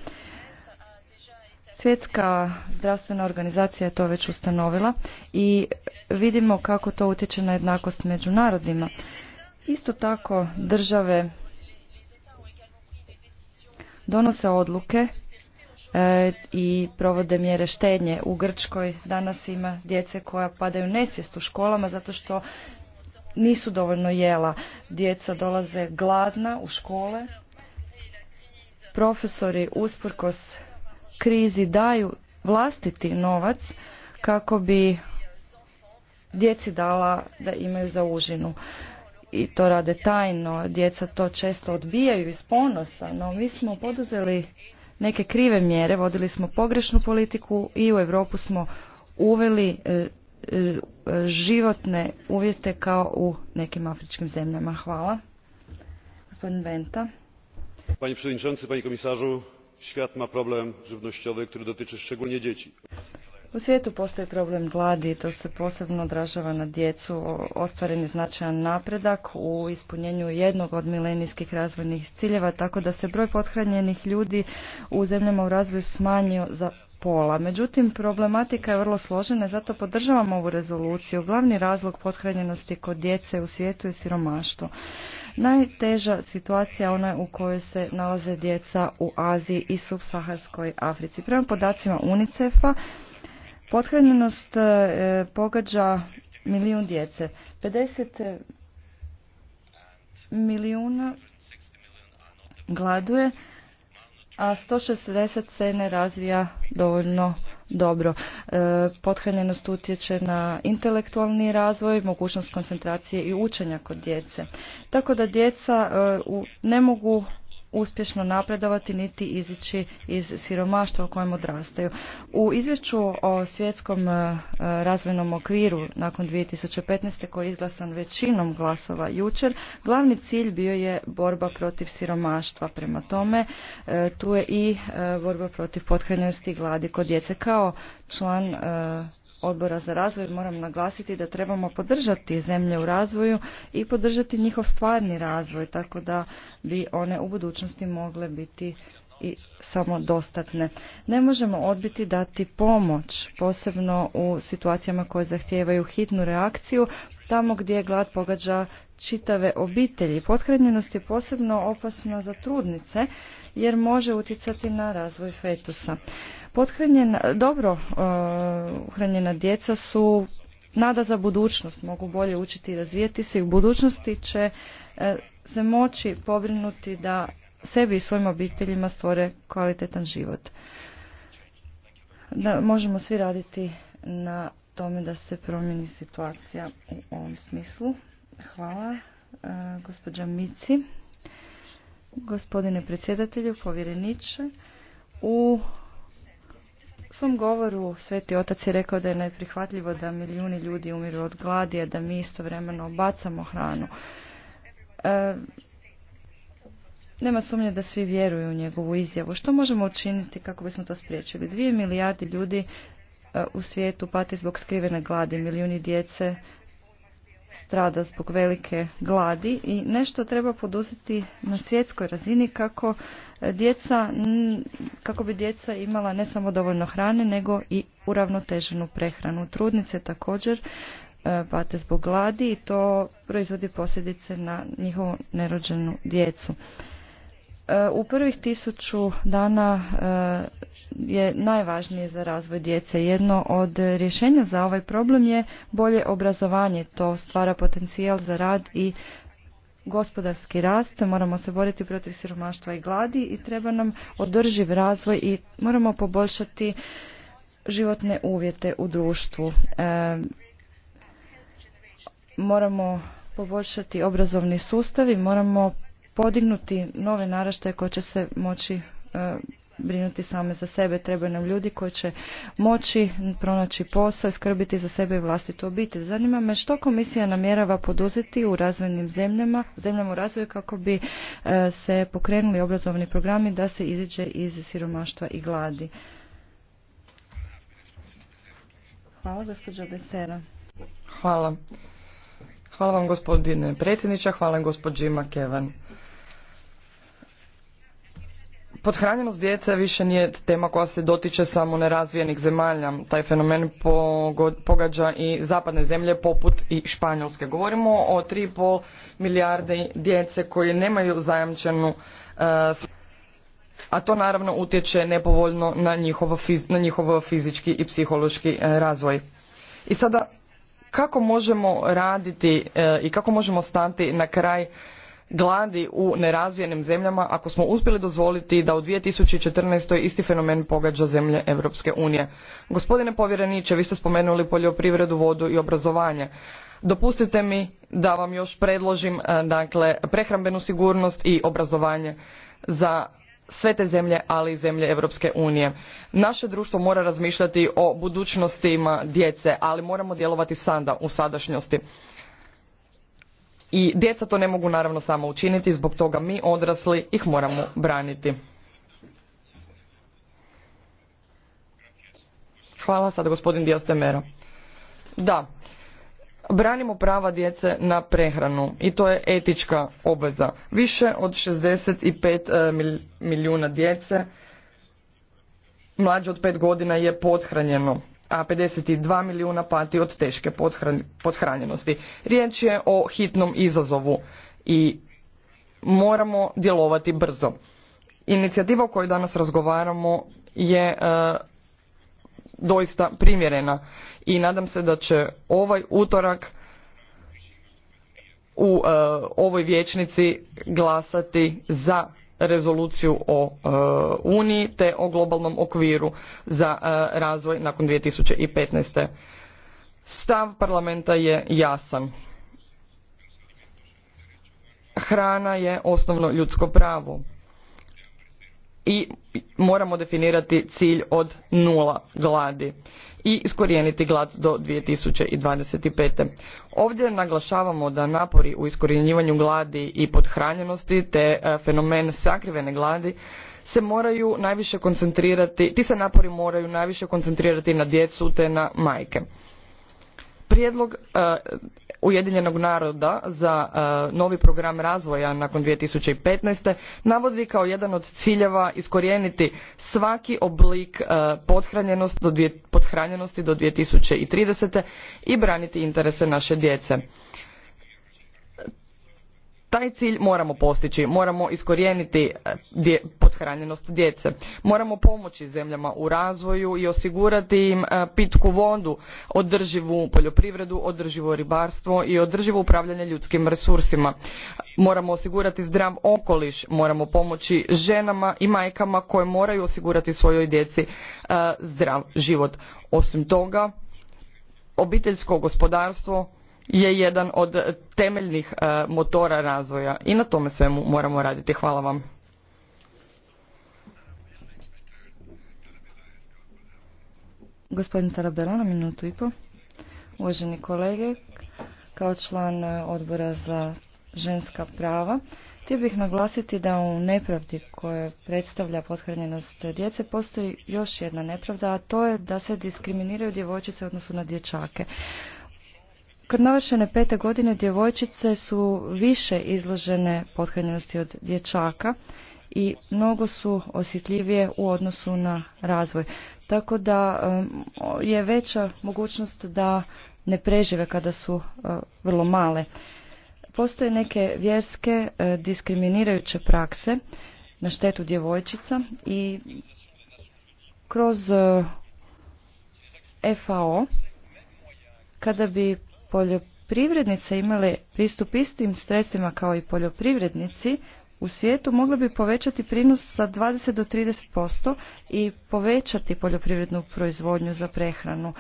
Svjetska zdravstvena organizacija je to već ustanovila i vidimo kako to utječe na jednakost među narodima. Isto tako države donose odluke e, i provode mjere štednje. U Grčkoj danas ima djece koja padaju nesvijest u školama zato što nisu dovoljno jela. Djeca dolaze gladna u škole. Profesori usprkos krizi daju vlastiti novac kako bi djeci dala da imaju za užinu. I to rade tajno, djeca to često odbijaju iz ponosa, no mi smo poduzeli neke krive mjere, vodili smo pogrešnu politiku i u Europu smo uveli e, e, životne uvjete kao u nekim afričkim zemljama. Hvala. Gospodin Venta. Panie przewodniczący, panie komisarzu, świat ma problem U svijetu postoji problem gladi i to se posebno odražava na djecu. Ostvaren je značajan napredak u ispunjenju jednog od milenijskih razvojnih ciljeva, tako da se broj pothranjenih ljudi u zemljama u razvoju smanjio za pola. Međutim, problematika je vrlo složena, zato podržavam ovu rezoluciju. Glavni razlog pothranjenosti kod djece u svijetu je siromaštvo. Najteža situacija ona u kojoj se nalaze djeca u Aziji i subsaharskoj Africi. Prema podacima UNICEF-a, pothranjenost e, pogađa milijun djece. 50 milijuna gladuje, a 160 se ne razvija dovoljno dobro. E, Pothranjenost utječe na intelektualni razvoj, mogućnost koncentracije i učenja kod djece. Tako da djeca e, ne mogu uspješno napredovati niti izići iz siromaštva u kojem odrastaju. U izvješću o svjetskom e, razvojnom okviru nakon 2015. koji je izglasan većinom glasova jučer, glavni cilj bio je borba protiv siromaštva. Prema tome, e, tu je i e, borba protiv pothranjenosti i gladi kod djece. Kao član odbora za razvoj moram naglasiti da trebamo podržati zemlje u razvoju i podržati njihov stvarni razvoj tako da bi one u budućnosti mogle biti i samodostatne. Ne možemo odbiti dati pomoć, posebno u situacijama koje zahtijevaju hitnu reakciju, tamo gdje glad pogađa čitave obitelji. Pothranjenost je posebno opasna za trudnice jer može utjecati na razvoj fetusa. Pothranjena, dobro e, hranjena djeca su nada za budućnost, mogu bolje učiti i razvijeti se i u budućnosti će e, se moći pobrinuti da sebi i svojim obiteljima stvore kvalitetan život. Da možemo svi raditi na tome da se promijeni situacija u ovom smislu. Hvala, e, gospođa Mici. Gospodine predsjedatelju, povjereniče, u u svom govoru Sveti Otac je rekao da je neprihvatljivo da milijuni ljudi umiru od gladi, a da mi istovremeno bacamo hranu. E, nema sumnje da svi vjeruju u njegovu izjavu. Što možemo učiniti kako bismo to spriječili? Dvije milijardi ljudi e, u svijetu pati zbog skrivene gladi, milijuni djece strada zbog velike gladi i nešto treba poduzeti na svjetskoj razini kako djeca kako bi djeca imala ne samo dovoljno hrane nego i uravnoteženu prehranu trudnice također e, pate zbog gladi i to proizvodi posljedice na njihovu nerođenu djecu u prvih tisuću dana e, je najvažnije za razvoj djece. Jedno od rješenja za ovaj problem je bolje obrazovanje. To stvara potencijal za rad i gospodarski rast, moramo se boriti protiv siromaštva i gladi i treba nam održiv razvoj i moramo poboljšati životne uvjete u društvu. E, moramo poboljšati obrazovni sustav i moramo podignuti nove naraštaje koje će se moći e, brinuti same za sebe. Trebaju nam ljudi koji će moći pronaći posao i skrbiti za sebe i vlastitu obitelj. Zanima me što komisija namjerava poduzeti u razvojnim zemljama, zemljama u razvoju kako bi e, se pokrenuli obrazovni programi da se iziđe iz siromaštva i gladi. Hvala, Hvala. Hvala vam, gospodine predsjedniče. Hvala, gospođi Makevan. Podhranjenost djece više nije tema koja se dotiče samo nerazvijenih zemalja. Taj fenomen pogađa i zapadne zemlje poput i Španjolske. Govorimo o 3,5 milijarde djece koje nemaju zajamčenu eh, a to naravno utječe nepovoljno na njihovo na njihov fizički i psihološki eh, razvoj. I sada kako možemo raditi eh, i kako možemo stati na kraj gladi u nerazvijenim zemljama ako smo uspjeli dozvoliti da u 2014. isti fenomen pogađa zemlje Europske unije. Gospodine povjereniče, vi ste spomenuli poljoprivredu, vodu i obrazovanje. Dopustite mi da vam još predložim e, dakle, prehrambenu sigurnost i obrazovanje za sve te zemlje, ali i zemlje Europske unije. Naše društvo mora razmišljati o budućnostima djece, ali moramo djelovati sada, u sadašnjosti. I djeca to ne mogu naravno samo učiniti, zbog toga mi odrasli ih moramo braniti. Hvala sada gospodin Dias Temera. Da, branimo prava djece na prehranu i to je etička obveza. Više od 65 e, milijuna djece mlađe od pet godina je pothranjeno a 52 milijuna pati od teške pothranjenosti. Riječ je o hitnom izazovu i moramo djelovati brzo. Inicijativa o kojoj danas razgovaramo je e, doista primjerena i nadam se da će ovaj utorak u e, ovoj vijećnici glasati za rezoluciju o e, Uniji te o globalnom okviru za e, razvoj nakon 2015. Stav parlamenta je jasan. Hrana je osnovno ljudsko pravo i moramo definirati cilj od nula gladi i iskorijeniti glad do 2025. Ovdje naglašavamo da napori u iskorjenjivanju gladi i podhranjenosti te e, fenomen sakrivene gladi se moraju najviše koncentrirati, ti se napori moraju najviše koncentrirati na djecu te na majke. Prijedlog e, Ujedinjenog naroda za e, novi program razvoja nakon 2015. navodi kao jedan od ciljeva iskorijeniti svaki oblik e, pothranjenosti do dvije, thousand do 2030. i braniti interese naše djece taj cilj moramo postići moramo iskorijeniti eh, pothranjenost djece moramo pomoći zemljama u razvoju i osigurati im eh, pitku vodu održivu poljoprivredu održivo ribarstvo i održivo upravljanje ljudskim resursima moramo osigurati zdrav okoliš moramo pomoći ženama i majkama koje moraju osigurati svojoj djeci eh, zdrav život osim toga obiteljsko gospodarstvo je jedan od temeljnih e, motora razvoja i na tome svemu moramo raditi. Hvala vam. Gospodin Tarabela na minutu i po. Uvaženi kolege, kao član e, odbora za ženska prava, Htio bih naglasiti da u nepravdi koje predstavlja pothranjenost djece postoji još jedna nepravda, a to je da se diskriminiraju djevojčice u odnosu na dječake. Kod navršene pete godine djevojčice su više izložene pothranjenosti od dječaka i mnogo su osjetljivije u odnosu na razvoj. Tako da je veća mogućnost da ne prežive kada su e, vrlo male. Postoje neke vjerske e, diskriminirajuće prakse na štetu djevojčica i kroz e, FAO kada bi poljoprivrednice imale pristup istim sredstvima kao i poljoprivrednici u svijetu mogli bi povećati prinos sa 20 do 30% i povećati poljoprivrednu proizvodnju za prehranu.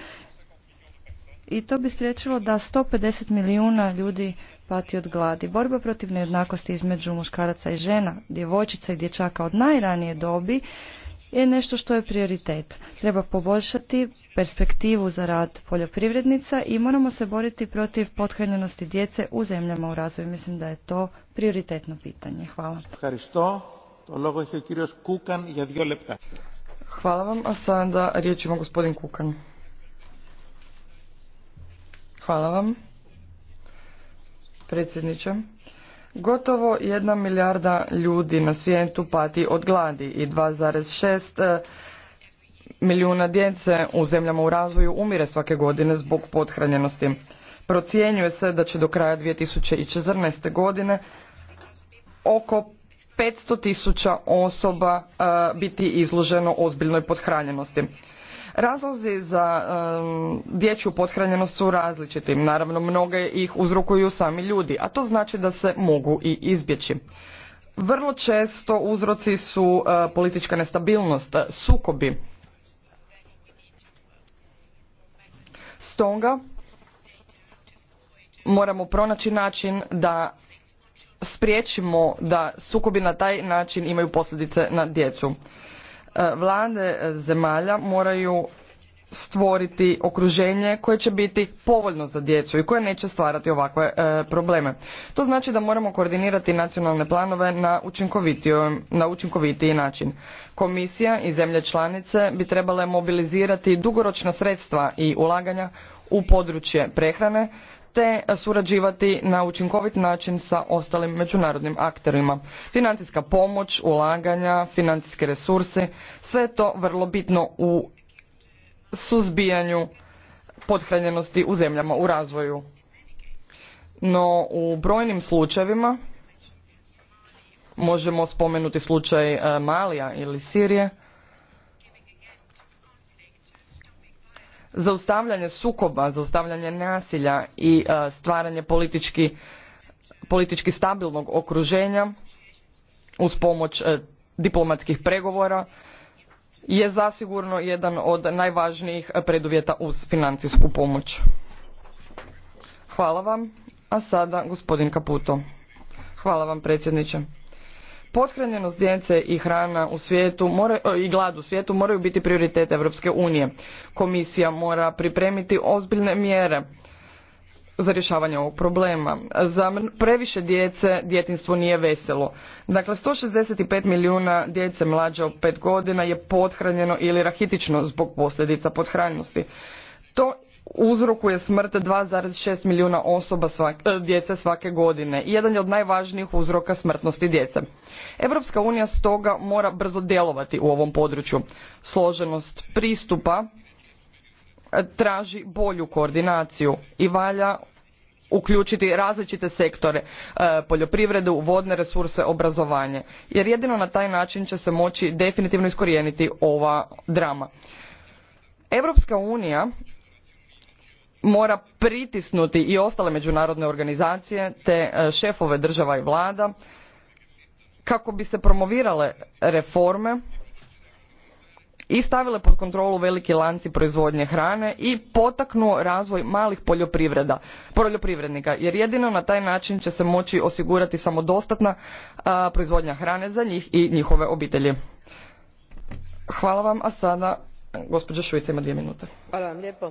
I to bi spriječilo da 150 milijuna ljudi pati od gladi. Borba protiv nejednakosti između muškaraca i žena, djevojčica i dječaka od najranije dobi je nešto što je prioritet. Treba poboljšati perspektivu za rad poljoprivrednica i moramo se boriti protiv pothranjenosti djece u zemljama u razvoju. Mislim da je to prioritetno pitanje. Hvala. Hvala vam, a sada riječ gospodin Kukan. Hvala vam, predsjedniče. Gotovo jedna milijarda ljudi na svijetu pati od gladi i 2,6 e, milijuna djece u zemljama u razvoju umire svake godine zbog pothranjenosti. Procjenjuje se da će do kraja 2014. godine oko 500 tisuća osoba e, biti izloženo ozbiljnoj pothranjenosti. Razlozi za um, dječju pothranjenost su različiti. Naravno, mnoge ih uzrokuju sami ljudi, a to znači da se mogu i izbjeći. Vrlo često uzroci su e, politička nestabilnost, sukobi. Stoga moramo pronaći način da spriječimo da sukobi na taj način imaju posljedice na djecu. E, vlade e, zemalja moraju stvoriti okruženje koje će biti povoljno za djecu i koje neće stvarati ovakve e, probleme. To znači da moramo koordinirati nacionalne planove na, na učinkovitiji način. Komisija i zemlje članice bi trebale mobilizirati dugoročna sredstva i ulaganja u područje prehrane te surađivati na učinkovit način sa ostalim međunarodnim akterima. Financijska pomoć, ulaganja, financijske resurse, sve je to vrlo bitno u suzbijanju pothranjenosti u zemljama u razvoju. No u brojnim slučajevima možemo spomenuti slučaj e, Malija ili Sirije zaustavljanje sukoba, zaustavljanje nasilja i e, stvaranje politički, stabilnog okruženja uz pomoć e, diplomatskih pregovora je zasigurno jedan od najvažnijih preduvjeta uz financijsku pomoć. Hvala vam. A sada gospodin Kaputo. Hvala vam predsjedniče. Pothranjenost djece i hrana u svijetu e, i glad u svijetu moraju biti prioritet Europske unije. Komisija mora pripremiti ozbiljne mjere za rješavanje ovog problema. Za previše djece djetinstvo nije veselo. Dakle, 165 milijuna djece mlađe od 5 godina je pothranjeno ili rahitično zbog posljedica pothranjenosti. To uzrokuje smrt 2,6 milijuna osoba e, djece svake godine i jedan je od najvažnijih uzroka smrtnosti djece. Europska unija stoga mora brzo djelovati u ovom području. Složenost pristupa e, traži bolju koordinaciju i valja uključiti različite sektore e, poljoprivredu vodne resurse obrazovanje jer jedino na taj način će se moći definitivno iskorijeniti ova drama europska unija mora pritisnuti i ostale međunarodne organizacije te e, šefove država i vlada kako bi se promovirale reforme i stavile pod kontrolu veliki lanci proizvodnje hrane i potaknuo razvoj malih poljoprivrednika jer jedino na taj način će se moći osigurati samodostatna proizvodnja hrane za njih i njihove obitelji. Hvala vam, a sada gospođa Šuica ima minute. Hvala vam lijepo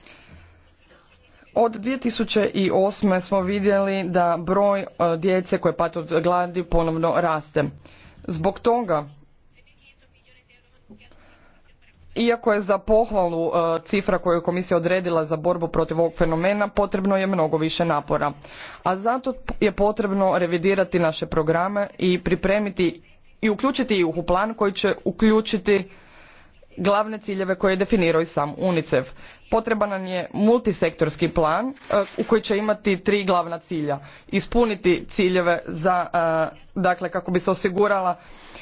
Od 2008. smo vidjeli da broj e, djece koje pate od gladi ponovno raste. Zbog toga, iako je za pohvalu e, cifra koju je komisija odredila za borbu protiv ovog fenomena, potrebno je mnogo više napora. A zato je potrebno revidirati naše programe i pripremiti i uključiti ih u plan koji će uključiti glavne ciljeve koje je definirao i sam UNICEF. Potreban nam je multisektorski plan e, u koji će imati tri glavna cilja. Ispuniti ciljeve za, e, dakle, kako bi se osigurala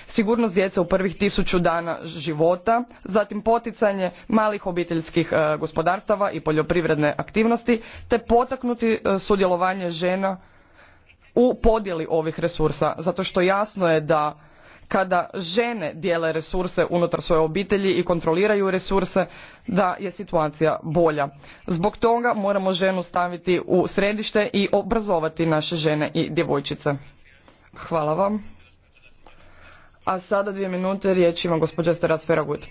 sigurnost djece u prvih tisuću dana života, zatim poticanje malih obiteljskih e, gospodarstava i poljoprivredne aktivnosti, te potaknuti sudjelovanje žena u podjeli ovih resursa, zato što jasno je da kada žene dijele resurse unutar svoje obitelji i kontroliraju resurse da je situacija bolja zbog toga moramo ženu staviti u središte i obrazovati naše žene i djevojčice hvala vam a sada dvije minute riječ ima gospođa Stara Sferagut.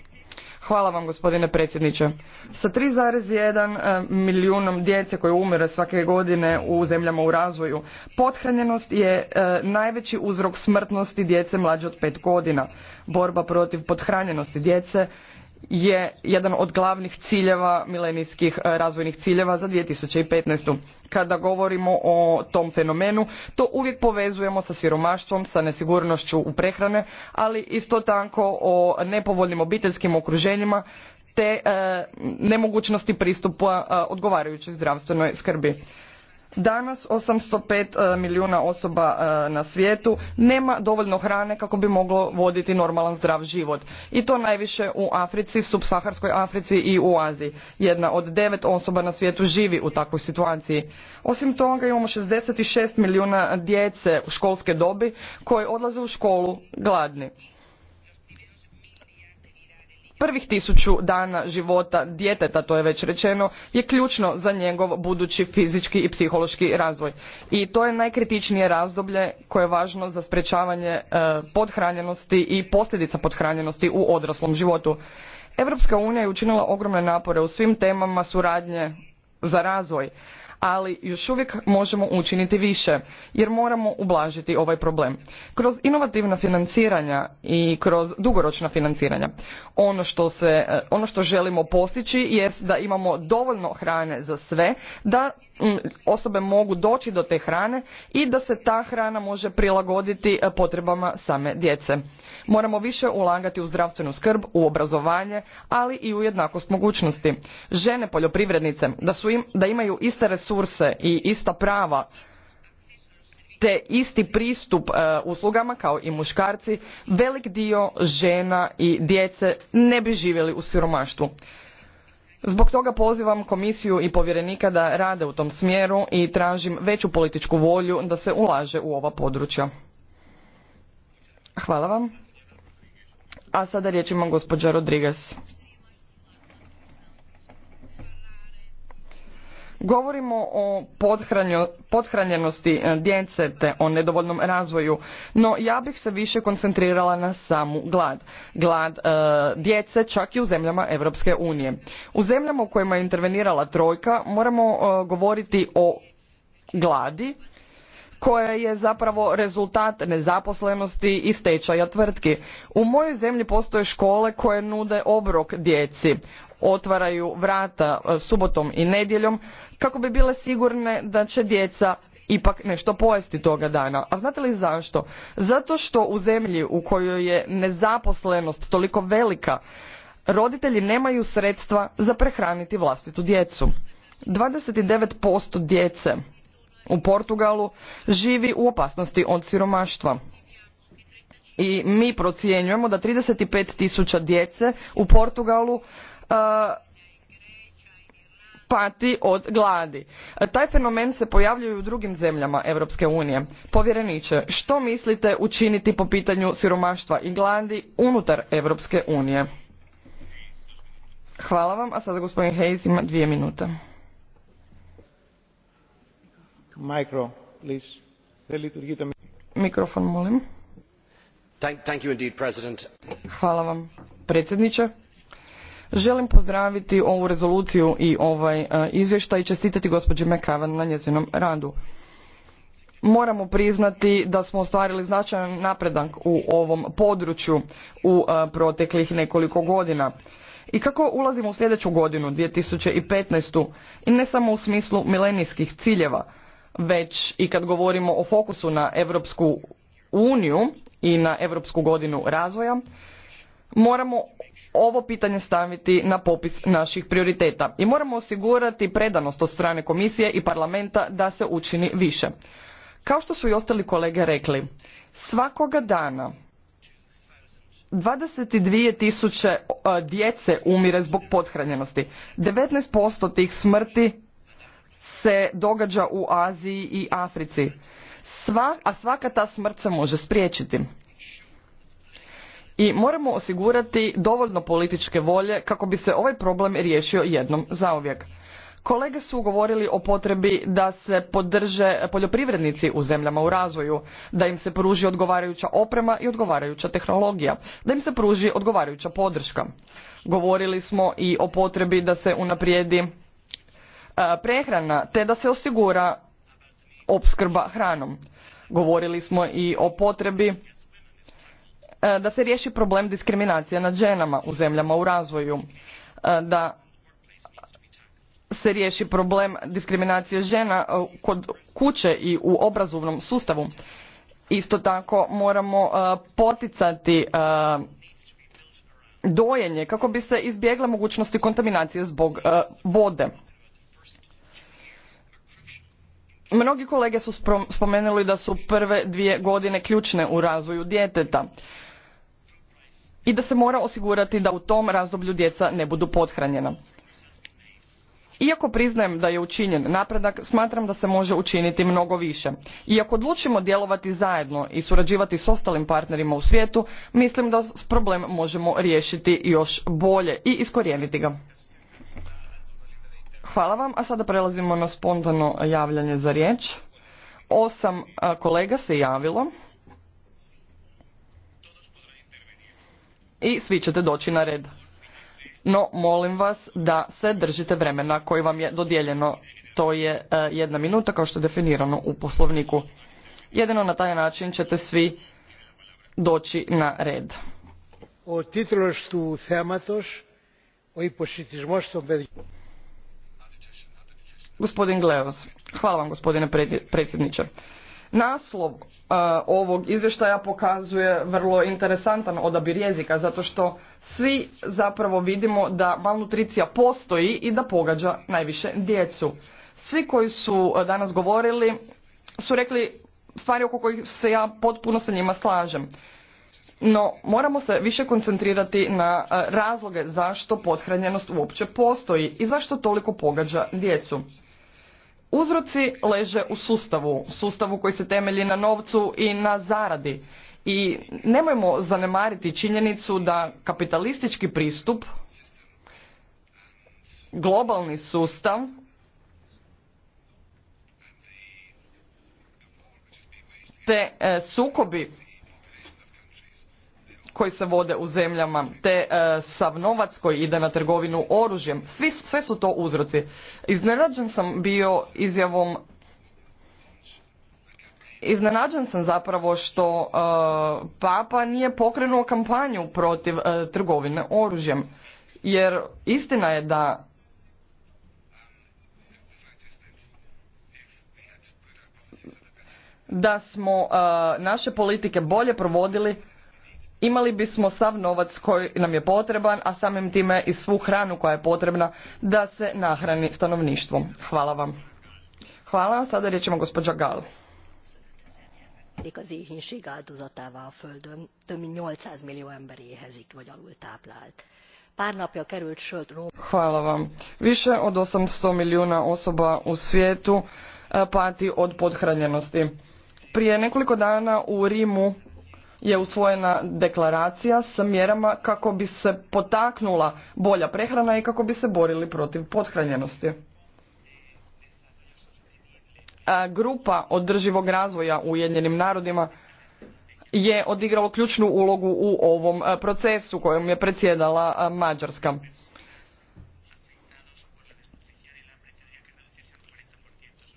Hvala vam gospodine predsjedniče. Sa 3,1 e, milijunom djece koje umire svake godine u zemljama u razvoju, pothranjenost je e, najveći uzrok smrtnosti djece mlađe od pet godina. Borba protiv pothranjenosti djece je jedan od glavnih ciljeva milenijskih e, razvojnih ciljeva za 2015. Kada govorimo o tom fenomenu, to uvijek povezujemo sa siromaštvom, sa nesigurnošću u prehrane, ali isto tako o nepovoljnim obiteljskim okruženjima te e, nemogućnosti pristupa e, odgovarajućoj zdravstvenoj skrbi Danas 805 e, milijuna osoba e, na svijetu nema dovoljno hrane kako bi moglo voditi normalan zdrav život. I to najviše u Africi, subsaharskoj Africi i u Aziji. Jedna od devet osoba na svijetu živi u takvoj situaciji. Osim toga imamo 66 milijuna djece u školske dobi koji odlaze u školu gladni prvih tisuću dana života djeteta to je već rečeno je ključno za njegov budući fizički i psihološki razvoj i to je najkritičnije razdoblje koje je važno za sprečavanje e, pothranjenosti i posljedica pothranjenosti u odraslom životu europska unija je učinila ogromne napore u svim temama suradnje za razvoj ali još uvijek možemo učiniti više jer moramo ublažiti ovaj problem kroz inovativna financiranja i kroz dugoročna financiranja ono što, ono želimo postići jest da imamo dovoljno hrane za sve da osobe mogu doći do te hrane i da se ta hrana može prilagoditi e, potrebama same djece. Moramo više ulagati u zdravstvenu skrb, u obrazovanje, ali i u jednakost mogućnosti. Žene poljoprivrednice da, su im, da imaju iste resurse i ista prava te isti pristup e, uslugama kao i muškarci velik dio žena i djece ne bi živjeli u siromaštvu Zbog toga pozivam komisiju i povjerenika da rade u tom smjeru i tražim veću političku volju da se ulaže u ova područja. Hvala vam. A sada riječ gospođa Rodriguez. Govorimo o pothranjenosti e, djece te o nedovoljnom razvoju, no ja bih se više koncentrirala na samu glad. Glad e, djece čak i u zemljama Europske unije. U zemljama u kojima je intervenirala trojka moramo e, govoriti o gladi koja je zapravo rezultat nezaposlenosti i stečaja tvrtki. U mojoj zemlji postoje škole koje nude obrok djeci otvaraju vrata e, subotom i nedjeljom kako bi bile sigurne da će djeca ipak nešto pojesti toga dana. A znate li zašto? Zato što u zemlji u kojoj je nezaposlenost toliko velika, roditelji nemaju sredstva za prehraniti vlastitu djecu. 29% djece u Portugalu živi u opasnosti od siromaštva. I mi procjenjujemo da 35 tisuća djece u Portugalu pati od gladi. Taj fenomen se pojavljuje u drugim zemljama Europske unije. Povjereniče, što mislite učiniti po pitanju siromaštva i gladi unutar Europske unije? Hvala vam, a sada gospodin Hayes ima dvije minute. Mikrofon, molim. Hvala vam, predsjedniče. Želim pozdraviti ovu rezoluciju i ovaj e, izvještaj i čestitati gospođi McAvan na njezinom radu. Moramo priznati da smo ostvarili značajan napredak u ovom području u e, proteklih nekoliko godina. I kako ulazimo u sljedeću godinu, 2015. i ne samo u smislu milenijskih ciljeva, već i kad govorimo o fokusu na Europsku uniju i na Europsku godinu razvoja, moramo ovo pitanje staviti na popis naših prioriteta i moramo osigurati predanost od strane komisije i parlamenta da se učini više. Kao što su i ostali kolege rekli, svakoga dana dva tisuće e, djece umire zbog pothranjenosti. 19% tih smrti se događa u Aziji i Africi. a svaka ta smrt se može spriječiti i moramo osigurati dovoljno političke volje kako bi se ovaj problem riješio jednom zauvijek. Kolege su govorili o potrebi da se podrže poljoprivrednici u zemljama u razvoju, da im se pruži odgovarajuća oprema i odgovarajuća tehnologija, da im se pruži odgovarajuća podrška. Govorili smo i o potrebi da se unaprijedi e, prehrana te da se osigura opskrba hranom. Govorili smo i o potrebi E, da se riješi problem diskriminacije nad ženama u zemljama u razvoju, e, da se riješi problem diskriminacije žena e, kod kuće i u obrazovnom sustavu. Isto tako moramo poticati dojenje kako bi se izbjegle mogućnosti kontaminacije zbog vode. Mnogi kolege su spomenuli da su prve dvije godine ključne u razvoju djeteta i da se mora osigurati da u tom razdoblju djeca ne budu pothranjena. Iako priznajem da je učinjen napredak, smatram da se može učiniti mnogo više. Iako odlučimo djelovati zajedno i surađivati s ostalim partnerima u svijetu, mislim da s problem možemo riješiti još bolje i iskorijeniti ga. Hvala vam, a sada prelazimo na spontano javljanje za riječ. Osam kolega se javilo. i svi ćete doći na red. No, molim vas da se držite vremena koje vam je dodijeljeno. To je e, jedna minuta kao što je definirano u poslovniku. Jedino na taj način ćete svi doći na red. O o Gospodin Gleos, hvala vam gospodine predsjedniče. Naslov e, ovog izvještaja pokazuje vrlo interesantan odabir jezika zato što svi zapravo vidimo da malnutricija postoji i da pogađa najviše djecu. Svi koji su e, danas govorili su rekli stvari oko kojih se ja potpuno sa njima slažem. No, moramo se više koncentrirati na e, razloge zašto pothranjenost uopće postoji i zašto toliko pogađa djecu. Uzroci leže u sustavu, sustavu koji se temelji na novcu i na zaradi. I nemojmo zanemariti činjenicu da kapitalistički pristup, globalni sustav te e, sukobi koji se vode u zemljama te e, sav novac koji ide na trgovinu oružjem Svi, sve su to uzroci iznenađen sam bio izjavom iznenađen sam zapravo što e, papa nije pokrenuo kampanju protiv e, trgovine oružjem jer istina je da da smo naše politike bolje provodili imali bismo sav novac koji nam je potreban, a samim time i svu hranu koja je potrebna da se nahrani stanovništvo. Hvala vam. Hvala, sada riječ gospođa Gal. az a Földön, több 800 millió táplált. került Hvala vam. Više od 800 milijuna osoba u svijetu eh, pati od podhranjenosti. Prije nekoliko dana u Rimu je usvojena deklaracija s mjerama kako bi se potaknula bolja prehrana i kako bi se borili protiv pothranjenosti. Grupa održivog razvoja u Ujedinjenim narodima je odigrala ključnu ulogu u ovom procesu kojom je predsjedala Mađarska.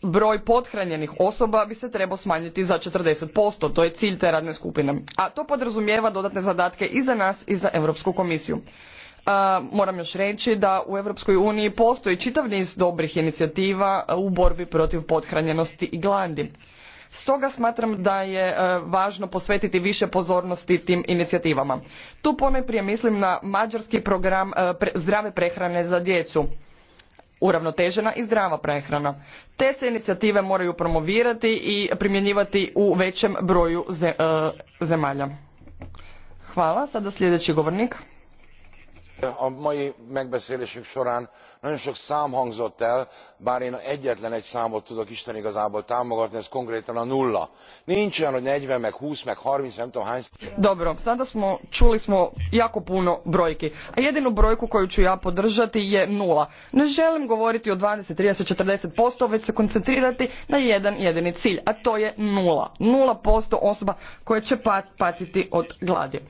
broj pothranjenih osoba bi se trebao smanjiti za 40%, to je cilj te radne skupine. A to podrazumijeva dodatne zadatke i za nas i za Europsku komisiju. E, moram još reći da u Europskoj uniji postoji čitav niz dobrih inicijativa u borbi protiv pothranjenosti i glandi. Stoga smatram da je e, važno posvetiti više pozornosti tim inicijativama. Tu ponajprije mislim na mađarski program e, zdrave prehrane za djecu uravnotežena i zdrava prehrana. Te se inicijative moraju promovirati i primjenjivati u većem broju e, zemalja. Hvala. Sada sljedeći govornik a mai megbeszélésünk során nagyon sok szám hangzott el bár én egyetlen egy számot tudok istenigazából támogatni ez konkrétan a nulla. nincs olyan hogy forty meg twenty meg thirty nem tudom hány. dobro sada smo čuli smo jako puno brojki a jedinu brojku koju ću ja podržati je nula. ne želim govoriti o twenty thirty forty posto već se koncentrirati na jedan jedini cilj a to je nula. nula posto osoba koje će pa-, patiti od gladi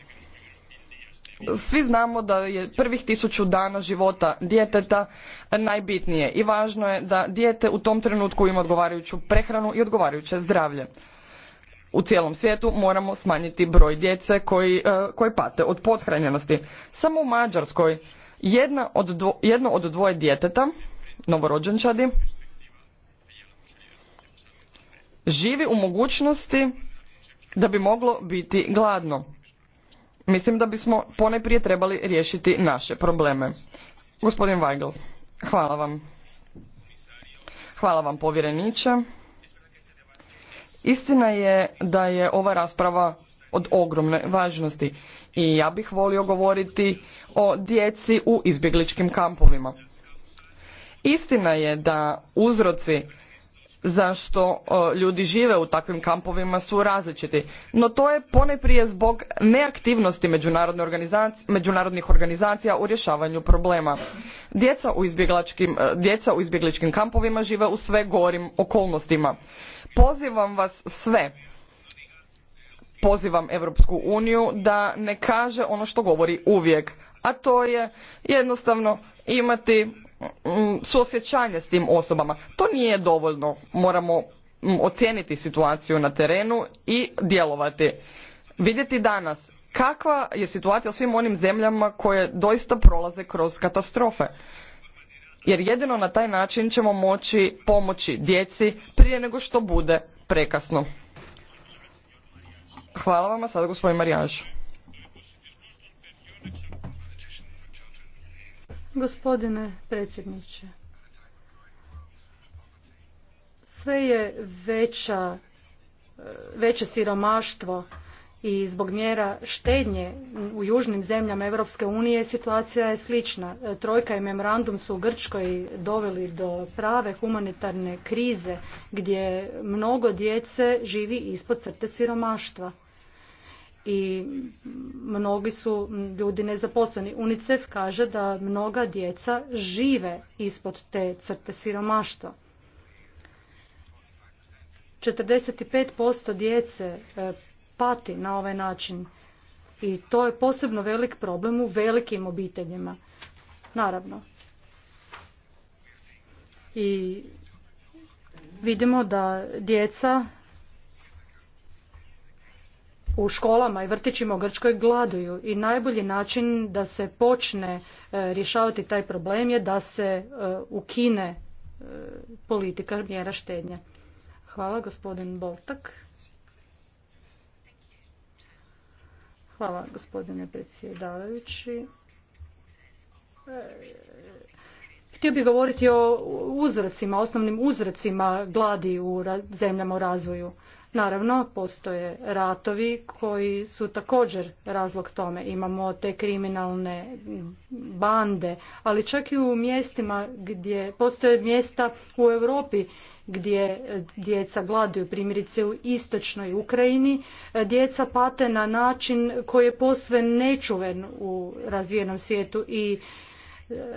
svi znamo da je prvih tisuću dana života djeteta najbitnije i važno je da dijete u tom trenutku ima odgovarajuću prehranu i odgovarajuće zdravlje. U cijelom svijetu moramo smanjiti broj djece koji, e, pate od pothranjenosti. Samo u Mađarskoj jedno od dvoje djeteta, novorođenčadi, živi u mogućnosti da bi moglo biti gladno mislim da bismo ponajprije trebali riješiti naše probleme. Gospodin Weigl, hvala vam. Hvala vam povjereniče. Istina je da je ova rasprava od ogromne važnosti i ja bih volio govoriti o djeci u izbjegličkim kampovima. Istina je da uzroci zašto ljudi žive u takvim kampovima su različiti no to je ponajprije zbog neaktivnosti međunarodnih organizacija u rješavanju problema djeca u, e, djeca u izbjegličkim kampovima žive u sve gorim okolnostima pozivam vas sve pozivam europsku uniju da ne kaže ono što govori uvijek a to je jednostavno imati Mm, suosjećanje s tim osobama. To nije dovoljno. Moramo mm, ocijeniti situaciju na terenu i djelovati. Vidjeti danas kakva je situacija u svim onim zemljama koje doista prolaze kroz katastrofe. Jer jedino na taj način ćemo moći pomoći djeci prije nego što bude prekasno. Hvala vam, a sada gospodin Gospodine predsjedniče, sve je veća, veće siromaštvo i zbog mjera štednje u južnim zemljama Europske unije situacija je slična. Trojka i memorandum su u Grčkoj doveli do prave humanitarne krize gdje mnogo djece živi ispod crte siromaštva i mnogi su ljudi nezaposleni. UNICEF kaže da mnoga djeca žive ispod te crte siromaštva. 45% djece e, pati na ovaj način i to je posebno velik problem u velikim obiteljima. Naravno. I vidimo da djeca u školama i vrtićima u Grčkoj gladuju i najbolji način da se počne e, rješavati taj problem je da se e, ukine e, politika mjera štednje. Hvala gospodin Boltak. Hvala gospodine predsjedavajući. Htio bih govoriti o uzrocima, osnovnim uzrocima gladi u zemljama u razvoju. Naravno, postoje ratovi koji su također razlog tome. Imamo te kriminalne bande, ali čak i u mjestima gdje postoje mjesta u Europi gdje djeca gladuju, primjerice u istočnoj Ukrajini, djeca pate na način koji je posve nečuven u razvijenom svijetu i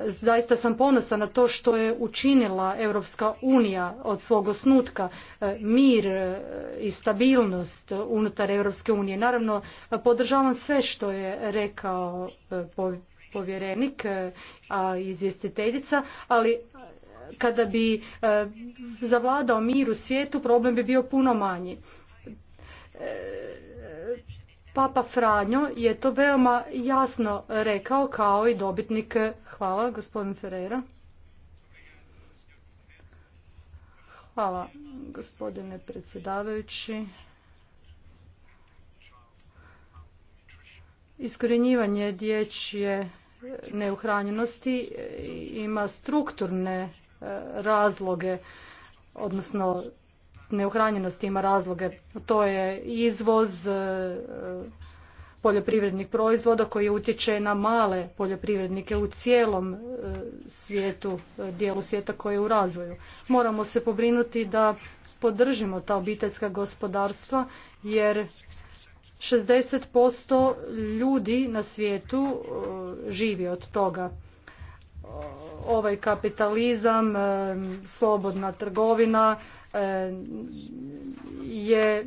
zaista sam ponosa na to što je učinila Europska unija od svog osnutka e, mir e, i stabilnost unutar Europske unije. Naravno, podržavam sve što je rekao e, povjerenik, a izvjestiteljica, ali kada bi zavladao mir u svijetu, problem bi bio puno manji Papa Franjo je to veoma jasno rekao kao i dobitnik. Hvala, gospodin Ferreira. Hvala, gospodine predsjedavajući. Iskorjenjivanje dječje neuhranjenosti ima strukturne e, razloge, odnosno neuhranjenost ima razloge. To je izvoz e, poljoprivrednih proizvoda koji utječe na male poljoprivrednike u cijelom e, svijetu, e, dijelu svijeta koji je u razvoju. Moramo se pobrinuti da podržimo ta obiteljska gospodarstva jer 60% ljudi na svijetu živi od toga. Ovaj kapitalizam, slobodna trgovina, je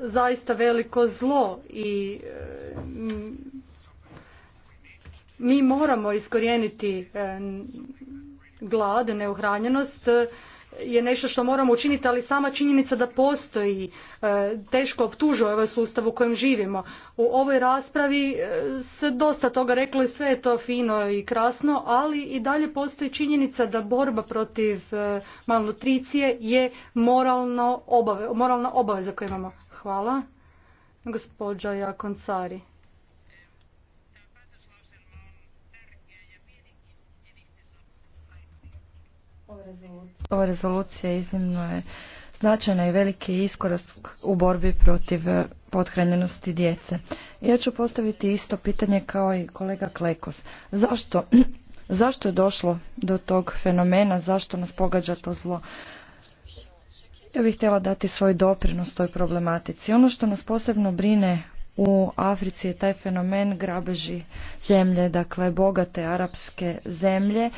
zaista veliko zlo i e, mi moramo iskorijeniti e, glad, neuhranjenost je nešto što moramo učiniti, ali sama činjenica da postoji e, teško optužuje ovaj sustav u kojem živimo. U ovoj raspravi e, se dosta toga reklo i sve je to fino i krasno, ali i dalje postoji činjenica da borba protiv e, malnutricije je moralna obaveza koju imamo. Hvala. Jakon Cari. Ova rezolucija iznimno je značajna i veliki iskorak u borbi protiv e, pothranjenosti djece. Ja ću postaviti isto pitanje kao i kolega Klekos. Zašto, zašto je došlo do tog fenomena, zašto nas pogađa to zlo? Ja bih htjela dati svoj doprinos toj problematici. Ono što nas posebno brine u Africi je taj fenomen grabeži zemlje, dakle bogate arapske zemlje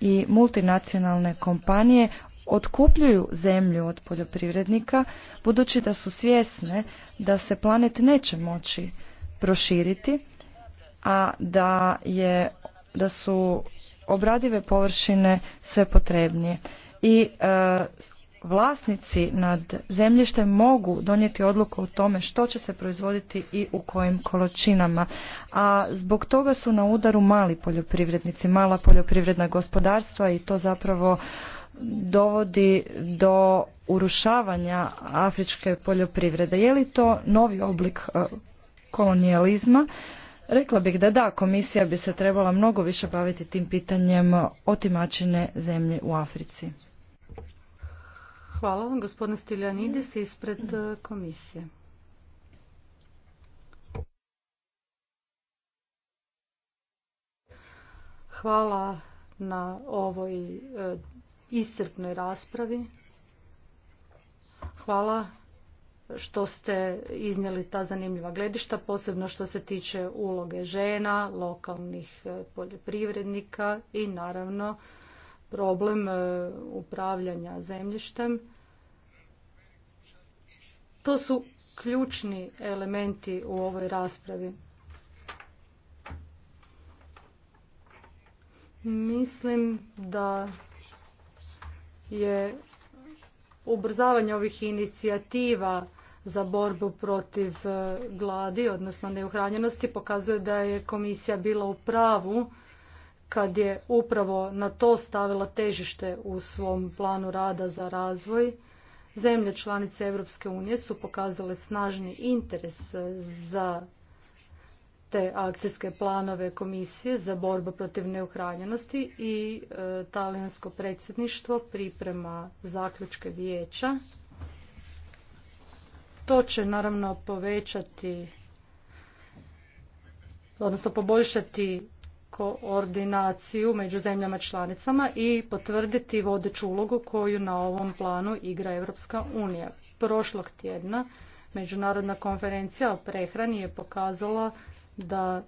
i multinacionalne kompanije otkupljuju zemlju od poljoprivrednika budući da su svjesne da se planet neće moći proširiti, a da, je, da su obradive površine sve potrebnije. I e, vlasnici nad zemljištem mogu donijeti odluku o tome što će se proizvoditi i u kojim količinama. A zbog toga su na udaru mali poljoprivrednici, mala poljoprivredna gospodarstva i to zapravo dovodi do urušavanja afričke poljoprivrede. Je li to novi oblik e, kolonijalizma? Rekla bih da da, komisija bi se trebala mnogo više baviti tim pitanjem otimačine zemlje u Africi. Hvala vam, gospodine Stiljanidis, ispred eh, komisije. Hvala na ovoj eh, iscrpnoj raspravi. Hvala što ste iznijeli ta zanimljiva gledišta, posebno što se tiče uloge žena, lokalnih eh, poljoprivrednika i naravno problem e, upravljanja zemljištem. To su ključni elementi u ovoj raspravi. Mislim da je ubrzavanje ovih inicijativa za borbu protiv e, gladi, odnosno neuhranjenosti, pokazuje da je komisija bila u pravu kad je upravo na to stavila težište u svom planu rada za razvoj. Zemlje članice Europske unije su pokazale snažni interes za te akcijske planove komisije za borbu protiv neuhranjenosti i e, talijansko predsjedništvo priprema zaključke vijeća. To će naravno povećati, odnosno poboljšati koordinaciju među zemljama članicama i potvrditi vodeću ulogu koju na ovom planu igra Europska unija. Prošlog tjedna Međunarodna konferencija o prehrani je pokazala da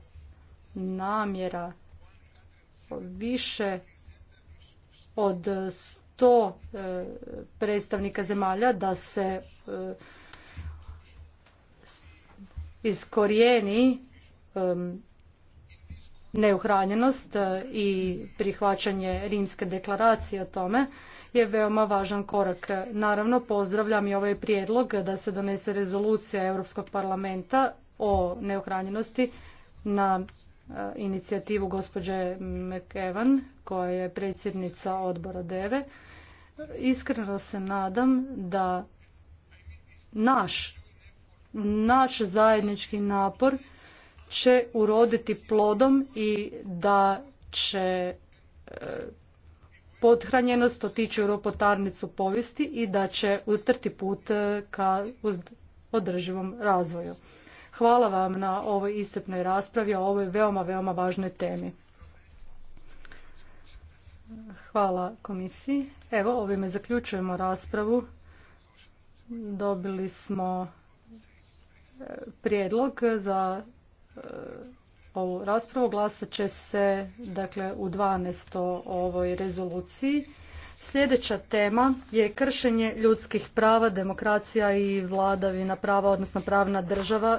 namjera više od 100 e, predstavnika zemalja da se e, iskorijeni neuhranjenost e, i prihvaćanje rimske deklaracije o tome je veoma važan korak. Naravno, pozdravljam i ovaj prijedlog da se donese rezolucija Europskog parlamenta o neuhranjenosti na e, inicijativu gospođe McEvan, koja je predsjednica odbora DEVE. Iskreno se nadam da naš, naš zajednički napor će uroditi plodom i da će e, podhranjenost otići u ropotarnicu povijesti i da će utrti put e, ka održivom razvoju. Hvala vam na ovoj iscrpnoj raspravi o ovoj veoma, veoma važnoj temi. Hvala komisiji. Evo, ovime zaključujemo raspravu. Dobili smo e, prijedlog za E, ovu raspravu. Glasat će se dakle, u 12. ovoj rezoluciji. Sljedeća tema je kršenje ljudskih prava, demokracija i vladavina prava, odnosno pravna država